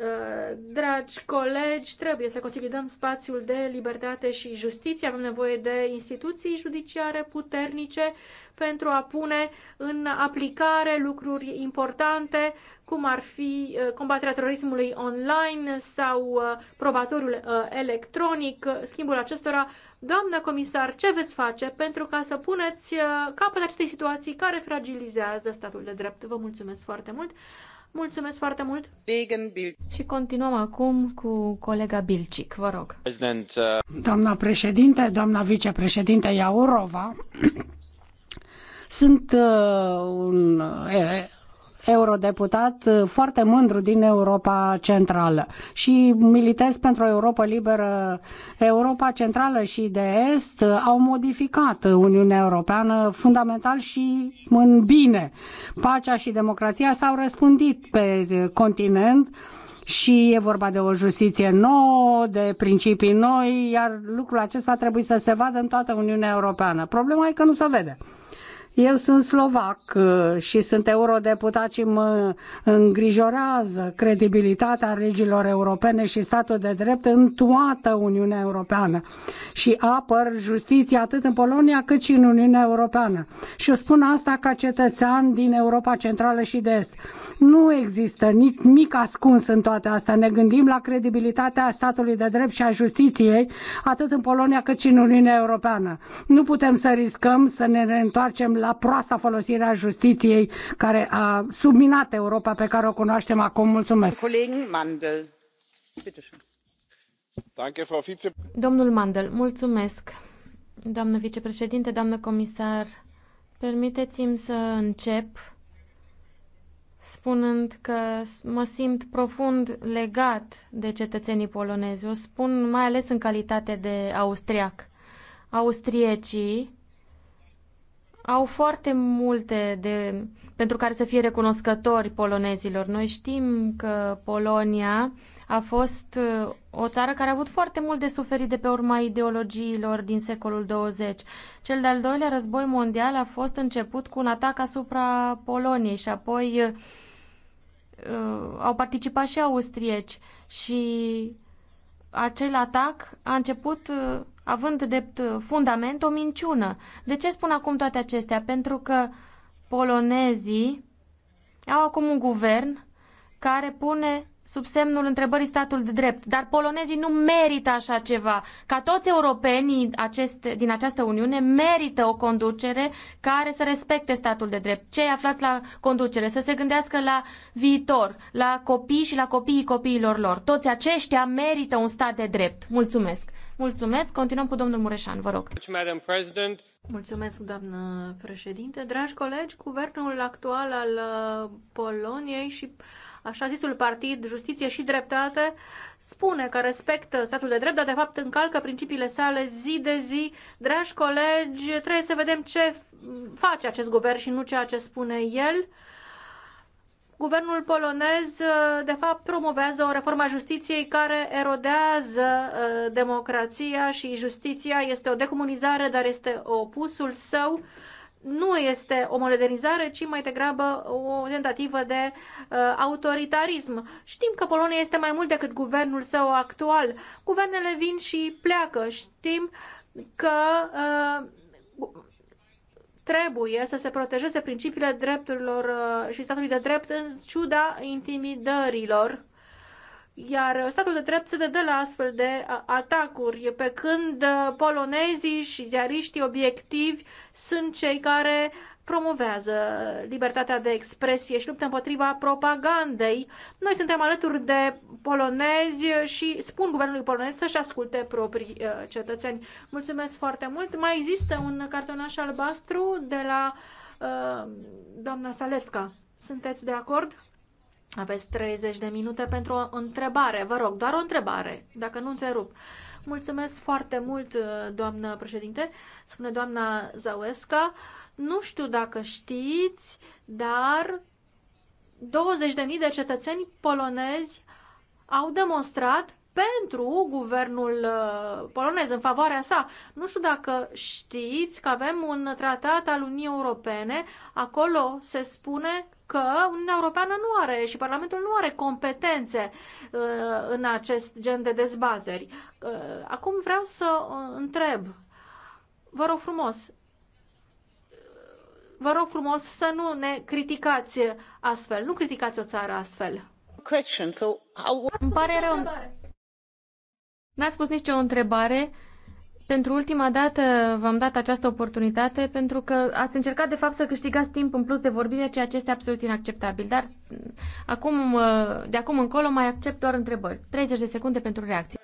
S3: Uh, dragi colegi, trebuie să consolidăm spațiul de libertate și justiție. Avem nevoie de instituții judiciare puternice pentru a pune în aplicare lucruri importante, cum ar fi uh, combaterea terorismului online sau uh, probatorul electronic, schimbul acestora. Doamnă comisar, ce veți face pentru ca să puneți capăt acestei situații care fragilizează statul de drept? Vă mulțumesc foarte mult!
S2: Mulțumesc foarte mult! Și continuăm acum cu colega Bilcic, vă rog.
S1: Uh, doamna președinte, doamna vicepreședinte Iaurova, sunt uh, un eurodeputat uh, foarte mândru din Europa Centrală și militez pentru Europa Liberă. Europa Centrală și de Est uh, au modificat Uniunea Europeană fundamental și în bine. Pacea și democrația s-au răspândit pe uh, continent și e vorba de o justiție nouă, de principii noi, iar lucrul acesta trebuie să se vadă în toată Uniunea Europeană. Problema e că nu se vede. Eu sunt slovac uh, și sunt eurodeputat și mă îngrijorează credibilitatea legilor europene și statul de drept în toată Uniunea Europeană și apăr justiția atât în Polonia cât și în Uniunea Europeană. Și o spun asta ca cetățean din Europa Centrală și de Est. Nu există nimic ascuns în toate astea. Ne gândim la credibilitatea statului de drept și a justiției, atât în Polonia cât și în Uniunea Europeană. Nu putem să riscăm să ne reîntoarcem la proasta folosire a justiției care a subminat Europa pe care o cunoaștem acum. Mulțumesc!
S2: Domnul Mandel, mulțumesc! Doamnă vicepreședinte, doamnă comisar, permiteți-mi să încep spunând că mă simt profund legat de cetățenii polonezi. O spun mai ales în calitate de austriac. Austriecii au foarte multe de, pentru care să fie recunoscători polonezilor. Noi știm că Polonia a fost uh, o țară care a avut foarte mult de suferit de pe urma ideologiilor din secolul 20. Cel de-al doilea război mondial a fost început cu un atac asupra Poloniei și apoi uh, uh au participat și austrieci și acel atac a început uh, având drept uh, fundament o minciună. De ce spun acum toate acestea? Pentru că polonezii au acum un guvern care pune sub semnul întrebării statul de drept. Dar polonezii nu merită așa ceva. Ca toți europenii aceste, din această Uniune merită o conducere care să respecte statul de drept. Cei aflați la conducere să se gândească la viitor, la copii și la copiii copiilor lor. Toți aceștia merită un stat de drept. Mulțumesc! Mulțumesc. Continuăm cu domnul Mureșan, vă rog.
S3: Mulțumesc, doamnă președinte. Dragi colegi, guvernul actual al uh, Poloniei și așa zisul partid Justiție și Dreptate spune că respectă statul de drept, dar de fapt încalcă principiile sale zi de zi. Dragi colegi, trebuie să vedem ce face acest guvern și nu ceea ce spune el. Guvernul polonez, uh, de fapt, promovează o reformă a justiției care erodează uh, democrația și justiția. Este o decomunizare, dar este opusul său nu este o modernizare, ci mai degrabă o tentativă de uh, autoritarism. Știm că Polonia este mai mult decât guvernul său actual. Guvernele vin și pleacă. Știm că uh, trebuie să se protejeze principiile drepturilor uh, și statului de drept în ciuda intimidărilor. Iar statul de drept se dă la astfel de uh, atacuri, pe când uh, polonezii și ziariștii obiectivi sunt cei care uh, promovează libertatea de expresie și luptă împotriva propagandei. Noi suntem alături de polonezi și spun guvernului polonez să-și asculte proprii uh, cetățeni. Mulțumesc foarte mult. Mai există un cartonaș albastru de la uh, doamna Salesca. Sunteți de acord? Aveți 30 de minute pentru o întrebare. Vă rog, doar o întrebare, dacă nu întrerup. rup. Mulțumesc foarte mult, uh, doamnă președinte, spune doamna Zauesca. Nu știu dacă știți, dar 20.000 de cetățeni polonezi au demonstrat pentru guvernul uh, polonez, în favoarea sa. Nu știu dacă știți că avem un tratat al Uniunii Europene, acolo se spune că Uniunea Europeană nu are și Parlamentul nu are competențe uh, în acest gen de dezbateri. Uh, acum vreau să uh, întreb, vă rog frumos, vă rog frumos să nu ne criticați astfel, nu criticați o țară astfel. Question, so how... Îmi pare rău.
S2: N-ați pus nicio întrebare. Pentru ultima dată v-am dat această oportunitate pentru că ați încercat de fapt să câștigați timp în plus de vorbire, ceea ce este absolut inacceptabil. Dar mm, acum, mm, de acum încolo mai accept doar întrebări. 30 de secunde pentru reacție.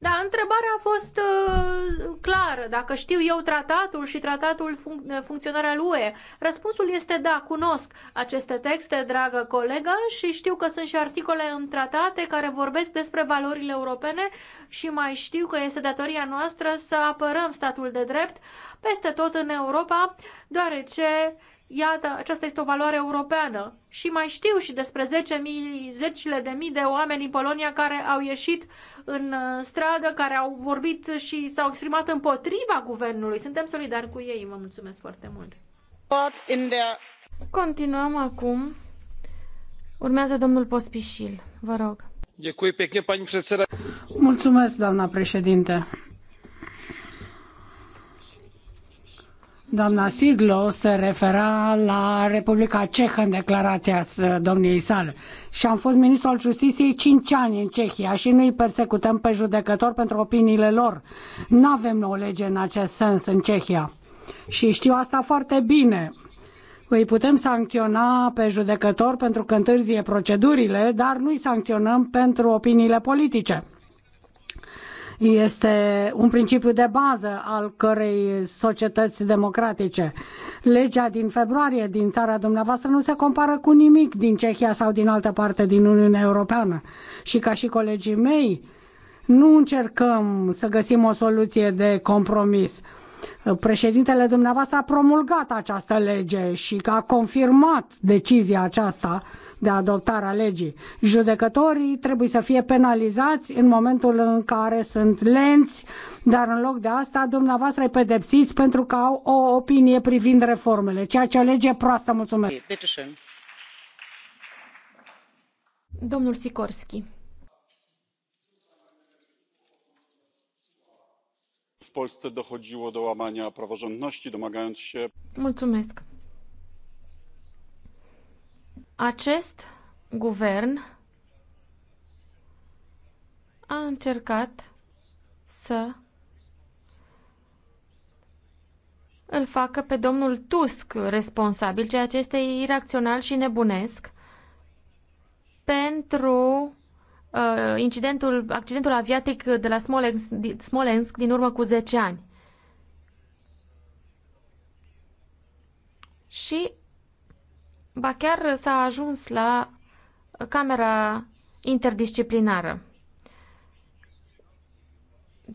S2: Da, întrebarea a fost uh, clară. Dacă știu eu
S3: tratatul și tratatul func- uh, funcționarea UE, răspunsul este da, cunosc aceste texte, dragă colegă, și știu că sunt și articole în tratate care vorbesc despre valorile europene și mai știu că este datoria noastră să apărăm statul de drept peste tot în Europa, deoarece Iată, aceasta este o valoare europeană. Și mai știu și despre 10 mii, zecile de mii de oameni în Polonia care au ieșit în uh, stradă, care au vorbit și s-au exprimat împotriva guvernului. Suntem
S2: solidari cu ei. Vă mulțumesc foarte mult. Continuăm acum.
S1: Urmează domnul Pospișil. Vă rog. Mulțumesc, doamna președinte. Doamna Siglo se refera la Republica Cehă în declarația domniei sale. Și am fost ministru al justiției cinci ani în Cehia și nu îi persecutăm pe judecători pentru opiniile lor. Nu avem o lege în acest sens în Cehia. Și știu asta foarte bine. Îi putem sancționa pe judecător pentru că întârzie procedurile, dar nu îi sancționăm pentru opiniile politice este un principiu de bază al cărei societăți democratice. Legea din februarie din țara dumneavoastră nu se compară cu nimic din Cehia sau din altă parte din Uniunea Europeană. Și ca și colegii mei, nu încercăm să găsim o soluție de compromis. Președintele dumneavoastră a promulgat această lege și a confirmat decizia aceasta de adoptare a legii. Judecătorii trebuie să fie penalizați în momentul în care sunt lenți, dar în loc de asta dumneavoastră îi pedepsiți pentru că au o opinie privind reformele, ceea ce o lege proastă. Mulțumesc! Domnul Sikorski. w polsce dochodziło do łamania praworządności domagając się.
S2: mulțumesc. Acest guvern a încercat să îl facă pe domnul Tusk responsabil, ceea ce este irațional și nebunesc, pentru uh, incidentul, accidentul aviatic de la Smolensk, Smolensk din urmă cu 10 ani. Și Ba chiar s-a ajuns la camera interdisciplinară,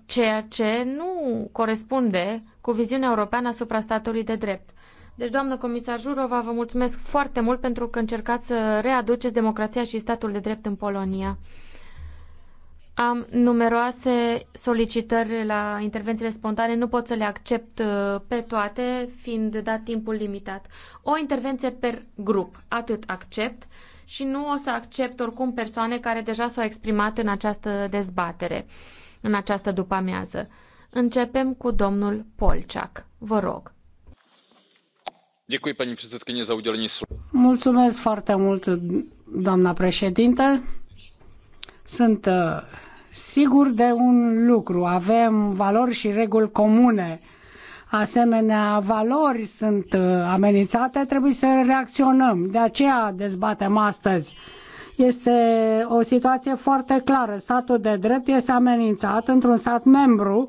S2: ceea ce nu corespunde cu viziunea europeană asupra statului de drept. Deci, doamnă comisar Jurova, vă mulțumesc foarte mult pentru că încercați să readuceți democrația și statul de drept în Polonia. Am numeroase solicitări la intervențiile spontane, nu pot să le accept uh, pe toate, fiind dat timpul limitat. O intervenție per grup, atât accept și nu o să accept oricum persoane care deja s-au exprimat în această dezbatere, în această după-amiază. Începem cu domnul Polciac.
S1: Vă rog. Mulțumesc foarte mult, doamna președinte. Sunt uh, sigur de un lucru, avem valori și reguli comune. Asemenea, valori sunt uh, amenințate, trebuie să reacționăm. De aceea dezbatem astăzi. Este o situație foarte clară. Statul de drept este amenințat într-un stat membru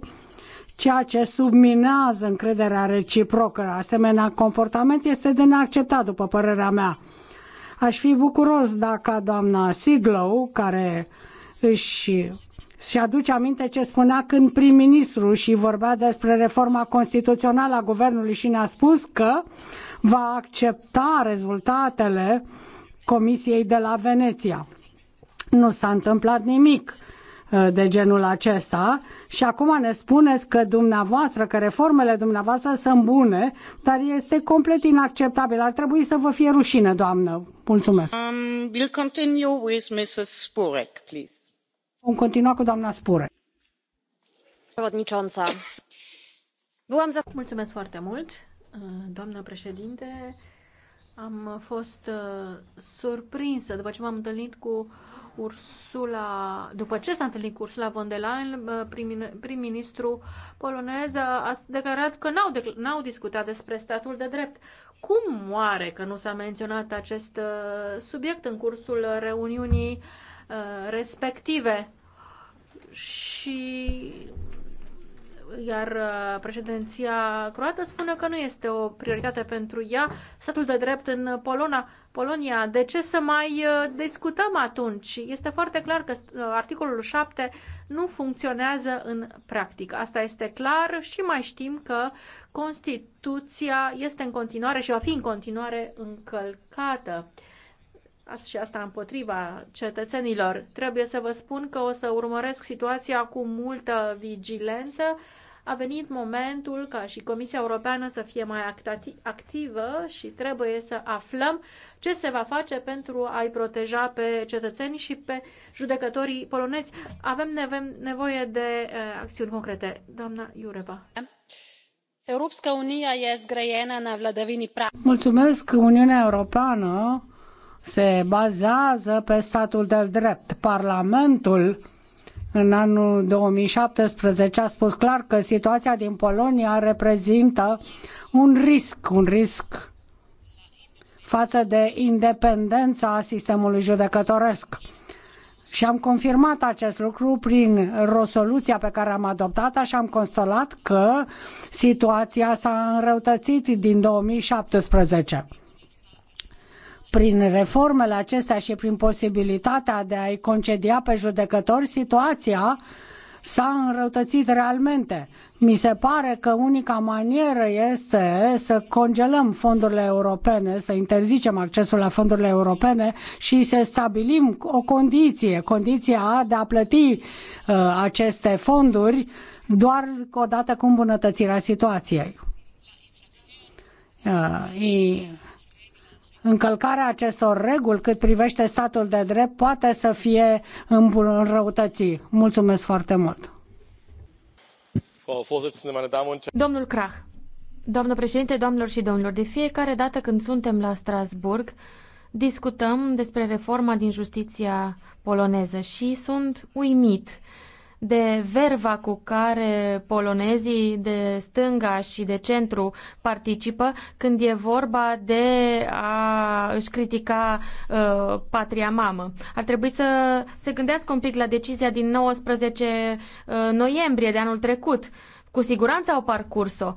S1: ceea ce subminează încrederea reciprocă. Asemenea, comportament este de neacceptat, după părerea mea. Aș fi bucuros dacă doamna Siglow, care își se aduce aminte ce spunea când prim-ministru și vorbea despre reforma constituțională a guvernului și ne-a spus că va accepta rezultatele Comisiei de la Veneția. Nu s-a întâmplat nimic uh, de genul acesta și acum ne spuneți că dumneavoastră, că reformele dumneavoastră sunt bune, dar este complet inacceptabil. Ar trebui să vă fie rușine, doamnă. Mulțumesc. Um, we'll continue with Mrs. Spurek, please. Vom continua cu doamna Spure.
S3: Mulțumesc foarte mult, doamna președinte. Am fost uh, surprinsă după ce m-am întâlnit cu Ursula, după ce s-a întâlnit cu Ursula von der Leyen, uh, prim-ministru polonez uh, a declarat că n-au, n-au discutat despre statul de drept. Cum oare că nu s-a menționat acest subiect în cursul reuniunii respective? și iar uh, președinția croată spune că nu este o prioritate pentru ea statul de drept în Polona, Polonia. De ce să mai uh, discutăm atunci? Este foarte clar că uh, articolul 7 nu funcționează în practică. Asta este clar și mai știm că Constituția este în continuare și va fi în continuare încălcată și asta împotriva cetățenilor. Trebuie să vă spun că o să urmăresc situația cu multă vigilență. A venit momentul ca și Comisia Europeană să fie mai activă și trebuie să aflăm ce se va face pentru a-i proteja pe cetățeni și pe judecătorii polonezi. Avem nevoie de eh, acțiuni concrete. Doamna Iureva europska
S1: unia este zgrajena na vladavini prava. Mulțumesc, Uniunea Europeană se bazează pe statul de drept. Parlamentul în anul 2017 a spus clar că situația din Polonia reprezintă un risc, un risc față de independența sistemului judecătoresc. Și am confirmat acest lucru prin rezoluția pe care am adoptat-o și am constatat că situația s-a înrăutățit din 2017 prin reformele acestea și prin posibilitatea de a-i concedia pe judecători, situația s-a înrăutățit realmente. Mi se pare că unica manieră este să congelăm fondurile europene, să interzicem accesul la fondurile europene și să stabilim o condiție, condiția de a plăti uh, aceste fonduri doar odată cu îmbunătățirea situației. Uh, e încălcarea acestor reguli cât privește statul de drept poate să fie înrăutățit. Mulțumesc foarte mult!
S2: Domnul Krach, doamnă președinte, doamnelor și domnilor, de fiecare dată când suntem la Strasburg, discutăm despre reforma din justiția poloneză și sunt uimit de verva cu care polonezii de stânga și de centru participă când e vorba de a își critica uh, patria mamă. Ar trebui să se gândească un pic la decizia din 19 uh, noiembrie de anul trecut. Cu siguranță au parcurs-o.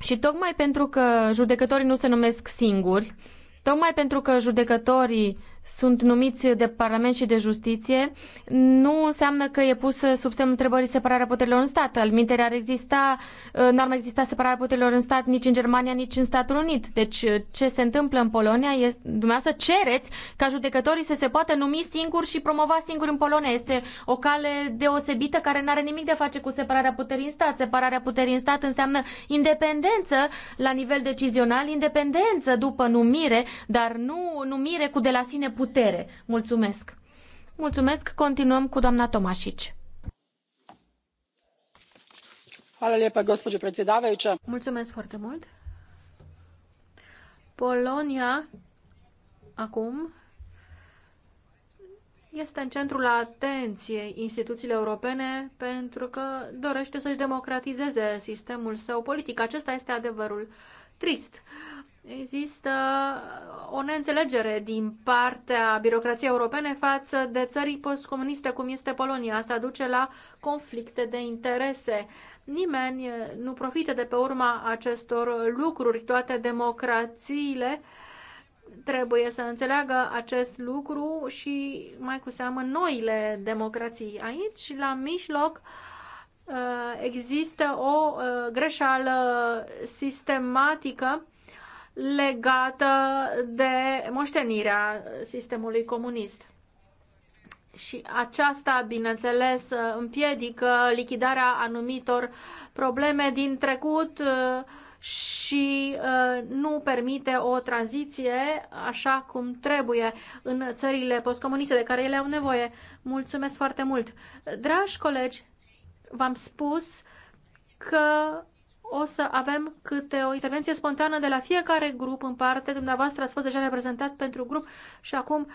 S2: Și tocmai pentru că judecătorii nu se numesc singuri, tocmai pentru că judecătorii sunt numiți de Parlament și de Justiție, nu înseamnă că e pusă sub semnul întrebării separarea puterilor în stat. Al minterii ar exista, uh, n-ar mai exista separarea puterilor în stat nici în Germania, nici în Statul Unit. Deci uh, ce se întâmplă în Polonia este, dumneavoastră cereți ca judecătorii să se poată numi singuri și promova singuri în Polonia. Este o cale deosebită care nu are nimic de a face cu separarea puterii în stat. Separarea puterii în stat înseamnă independență la nivel decizional, independență după numire, dar nu numire cu de la sine putere. Mulțumesc! Mulțumesc! Continuăm cu doamna Tomașici.
S3: Mulțumesc foarte mult. Polonia acum este în centrul atenției instituțiile europene pentru că dorește să-și democratizeze sistemul său politic. Acesta este adevărul trist. Uh, Există o neînțelegere din partea birocrației europene față de țării postcomuniste cum este Polonia. Asta duce la conflicte de interese. Nimeni nu profită de pe urma acestor lucruri. Toate democrațiile trebuie să înțeleagă acest lucru și mai cu seamă noile democrații. Aici, la mijloc, uh, există o uh, greșeală sistematică legată de moștenirea sistemului comunist. Și aceasta, bineînțeles, împiedică lichidarea anumitor probleme din trecut uh, și uh, nu permite o tranziție așa cum trebuie în țările postcomuniste de care ele au nevoie. Mulțumesc foarte mult! Dragi colegi, v-am spus că o să avem câte o intervenție spontană de la fiecare grup în parte. Dumneavoastră ați fost deja reprezentat pentru grup și acum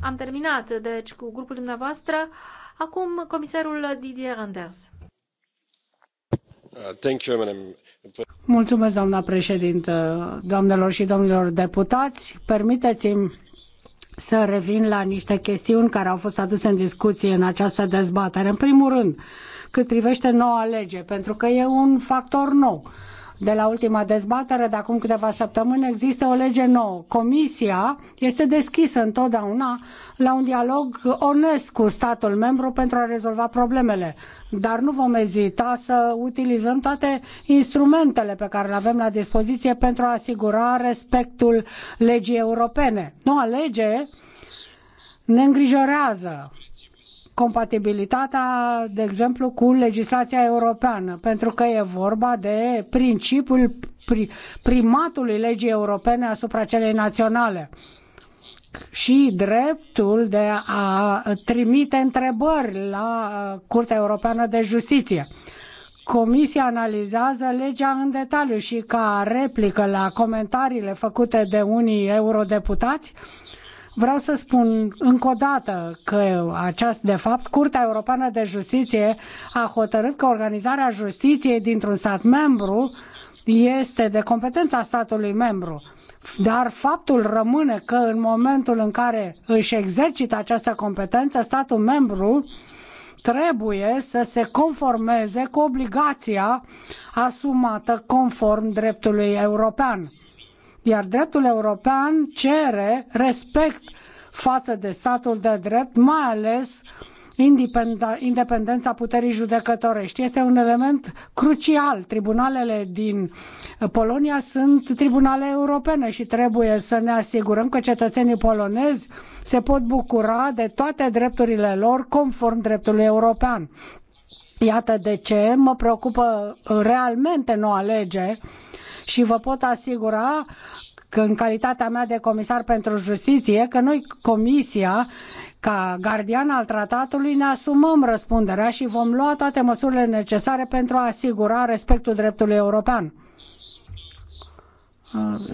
S3: am terminat, deci, cu grupul dumneavoastră. Acum,
S1: comisarul Didier Anders.
S2: Uh, thank you, madam.
S1: Mulțumesc, doamna președintă, doamnelor și domnilor deputați. Permiteți-mi să revin la niște chestiuni care au fost aduse în discuție în această dezbatere. În primul rând, cât privește noua lege, pentru că e un factor nou. De la ultima dezbatere de acum câteva săptămâni există o lege nouă. Comisia este deschisă întotdeauna la un dialog onest cu statul membru pentru a rezolva problemele, dar nu vom ezita să utilizăm toate instrumentele pe care le avem la dispoziție pentru a asigura respectul legii europene. Noua lege ne îngrijorează compatibilitatea, de exemplu, cu legislația europeană, pentru că e vorba de principiul primatului legii europene asupra celei naționale și dreptul de a trimite întrebări la uh, Curtea Europeană de Justiție. Comisia analizează legea în detaliu și ca replică la comentariile făcute de unii eurodeputați, Vreau să spun încă o dată că aceast, de fapt, Curtea Europeană de Justiție a hotărât că organizarea justiției dintr-un stat membru este de competența statului membru, dar faptul rămâne că în momentul în care își exercită această competență, statul membru trebuie să se conformeze cu obligația asumată conform dreptului european iar dreptul european cere respect față de statul de drept, mai ales independența puterii judecătorești. Este un element crucial. Tribunalele din Polonia sunt tribunale europene și trebuie să ne asigurăm că cetățenii polonezi se pot bucura de toate drepturile lor conform dreptului european. Iată de ce mă preocupă realmente noua lege și vă pot asigura că în calitatea mea de comisar pentru justiție, că noi, Comisia, ca gardian al tratatului, ne asumăm răspunderea și vom lua toate măsurile necesare pentru a asigura respectul dreptului european.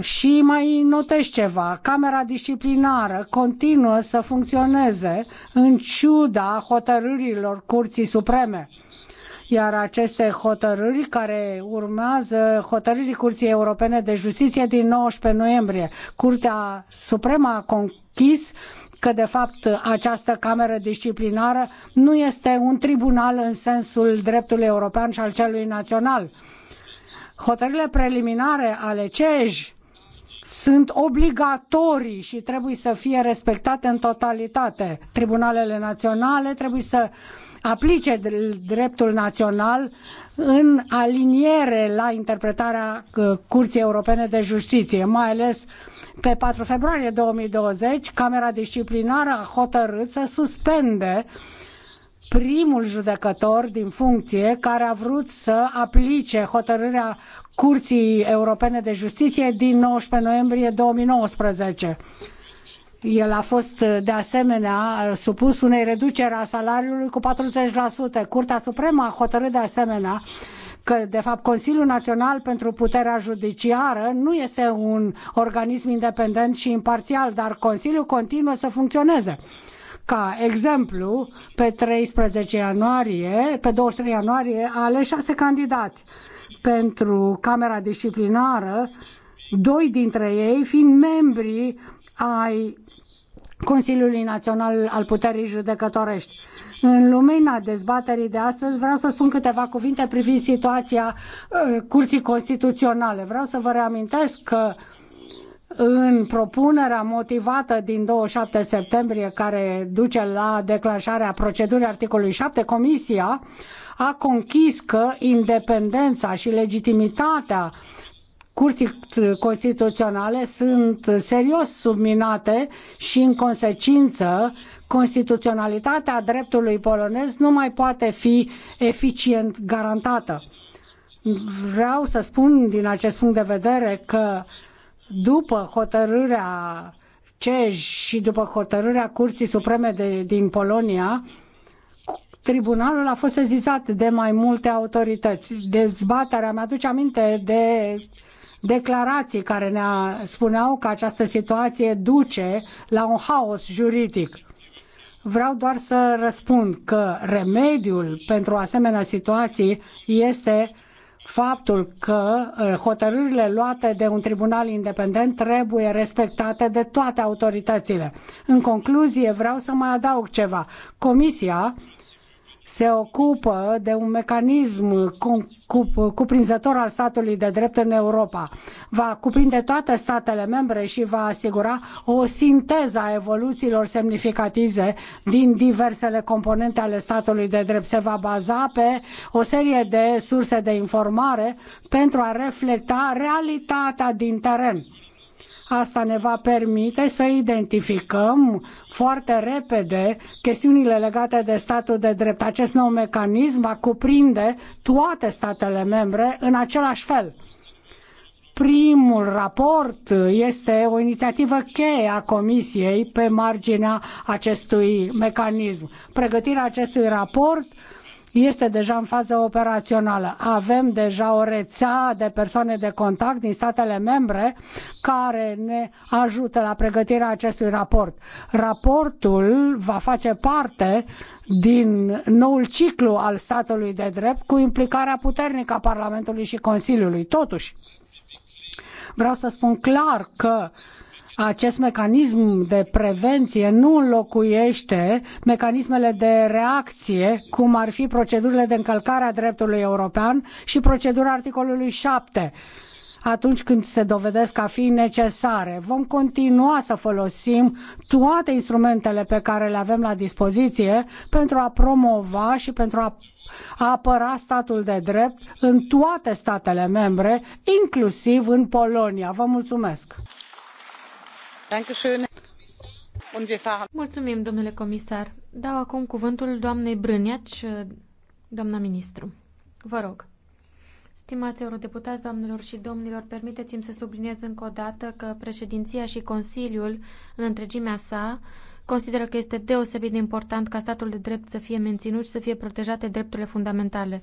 S1: Și mai notez ceva. Camera disciplinară continuă să funcționeze în ciuda hotărârilor Curții Supreme. Uh, iar aceste hotărâri care urmează hotărârii Curții Europene de Justiție din 19 noiembrie. Curtea Supremă a conchis că de fapt această cameră disciplinară nu este un tribunal în sensul dreptului european și al celui național. Hotărârile preliminare ale CEJ sunt obligatorii și trebuie să fie respectate în totalitate. Tribunalele naționale trebuie să aplice dreptul național în aliniere la interpretarea uh, Curții Europene de Justiție, mai ales pe 4 februarie 2020, Camera Disciplinară a hotărât să suspende primul judecător din funcție care a vrut să aplice hotărârea Curții Europene de Justiție din 19 noiembrie 2019. El a fost uh, de asemenea uh, supus unei reduceri a salariului cu 40%. Curtea Supremă a hotărât de asemenea că, de fapt, Consiliul Național pentru Puterea Judiciară nu este un organism independent și imparțial, dar Consiliul continuă să funcționeze. Ca exemplu, pe 13 ianuarie, pe 23 ianuarie, a ales șase candidați pentru Camera Disciplinară, doi dintre ei fiind membri ai Consiliului Național al Puterii Judecătorești. În lumina dezbaterii de astăzi vreau să spun câteva cuvinte privind situația uh, Curții Constituționale. Vreau să vă reamintesc că în propunerea motivată din 27 septembrie care duce la declanșarea procedurii articolului 7, Comisia a conchis că independența și legitimitatea uh, curții uh, constituționale sunt serios subminate și în consecință constituționalitatea dreptului polonez nu mai poate fi eficient garantată. Vreau să spun din acest punct de vedere că după hotărârea CEJ și după hotărârea Curții Supreme de, din Polonia, Tribunalul a fost sezizat de mai multe autorități. Dezbaterea mi-aduce aminte de declarații care ne spuneau că această situație duce la un haos juridic. Vreau doar să răspund că remediul pentru asemenea situații este faptul că uh, hotărârile luate de un tribunal independent trebuie respectate de toate autoritățile. În concluzie, vreau să mai adaug ceva. Comisia se ocupă de un mecanism cuprinzător al statului de drept în Europa. Va cuprinde toate statele membre și va asigura o sinteză a evoluțiilor semnificative din diversele componente ale statului de drept. Se va baza pe o serie de surse de informare pentru a reflecta realitatea din teren Asta ne va permite să identificăm foarte repede chestiunile legate de statul de drept. Acest nou mecanism va cuprinde toate statele membre în același fel primul raport este o inițiativă cheie a Comisiei pe marginea acestui mecanism. Pregătirea acestui raport este deja în fază operațională. Avem deja o rețea de persoane de contact din statele membre care ne ajută la pregătirea acestui raport. Raportul va face parte din noul ciclu al statului de drept cu implicarea puternică a Parlamentului și Consiliului. Totuși, vreau să spun clar că acest mecanism de prevenție nu înlocuiește mecanismele de reacție, cum ar fi procedurile de încălcare a dreptului european și procedura articolului 7, atunci când se dovedesc a fi necesare. Vom continua să folosim toate instrumentele pe care le avem la dispoziție pentru a promova și pentru a a apăra statul de drept în toate statele membre, inclusiv în Polonia. Vă mulțumesc!
S2: Mulțumim, domnule comisar. Dau acum cuvântul doamnei Brâniaci, doamna ministru. Vă rog. Stimați eurodeputați, doamnelor și domnilor, permiteți-mi să subliniez încă o dată că președinția și Consiliul, în întregimea sa, consideră că este deosebit de important ca statul de drept să fie menținut și să fie protejate drepturile fundamentale.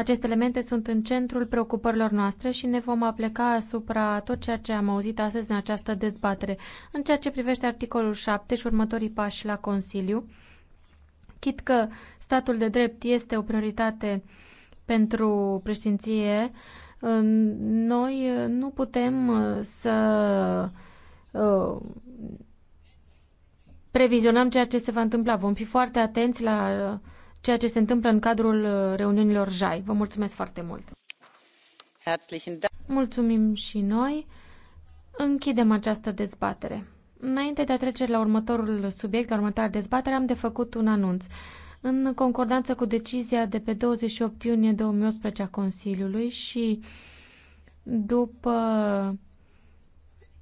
S2: Aceste elemente sunt în centrul preocupărilor noastre și ne vom apleca asupra tot ceea ce am auzit astăzi în această dezbatere. În ceea ce privește articolul 7 și următorii pași la Consiliu, chit că statul de drept este o prioritate pentru președinție, noi nu putem uh, să uh, previzionăm ceea ce se va întâmpla. Vom fi foarte atenți la uh, ceea ce se întâmplă în cadrul uh, reuniunilor JAI. Vă mulțumesc foarte mult! Mulțumim și noi! Închidem această dezbatere. Înainte de a trece la următorul subiect, la următoarea dezbatere, am de făcut un anunț. În concordanță cu decizia de pe 28 iunie 2018 a Consiliului și după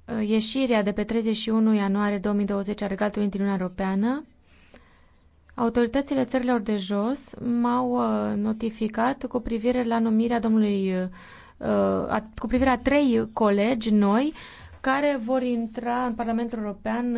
S2: uh, ieșirea de pe 31 ianuarie 2020 a Regatului Uniunii Europeană, Autoritățile țărilor de jos m-au uh, notificat cu privire la numirea domnului, uh, cu privire la trei colegi noi care vor intra în Parlamentul European uh,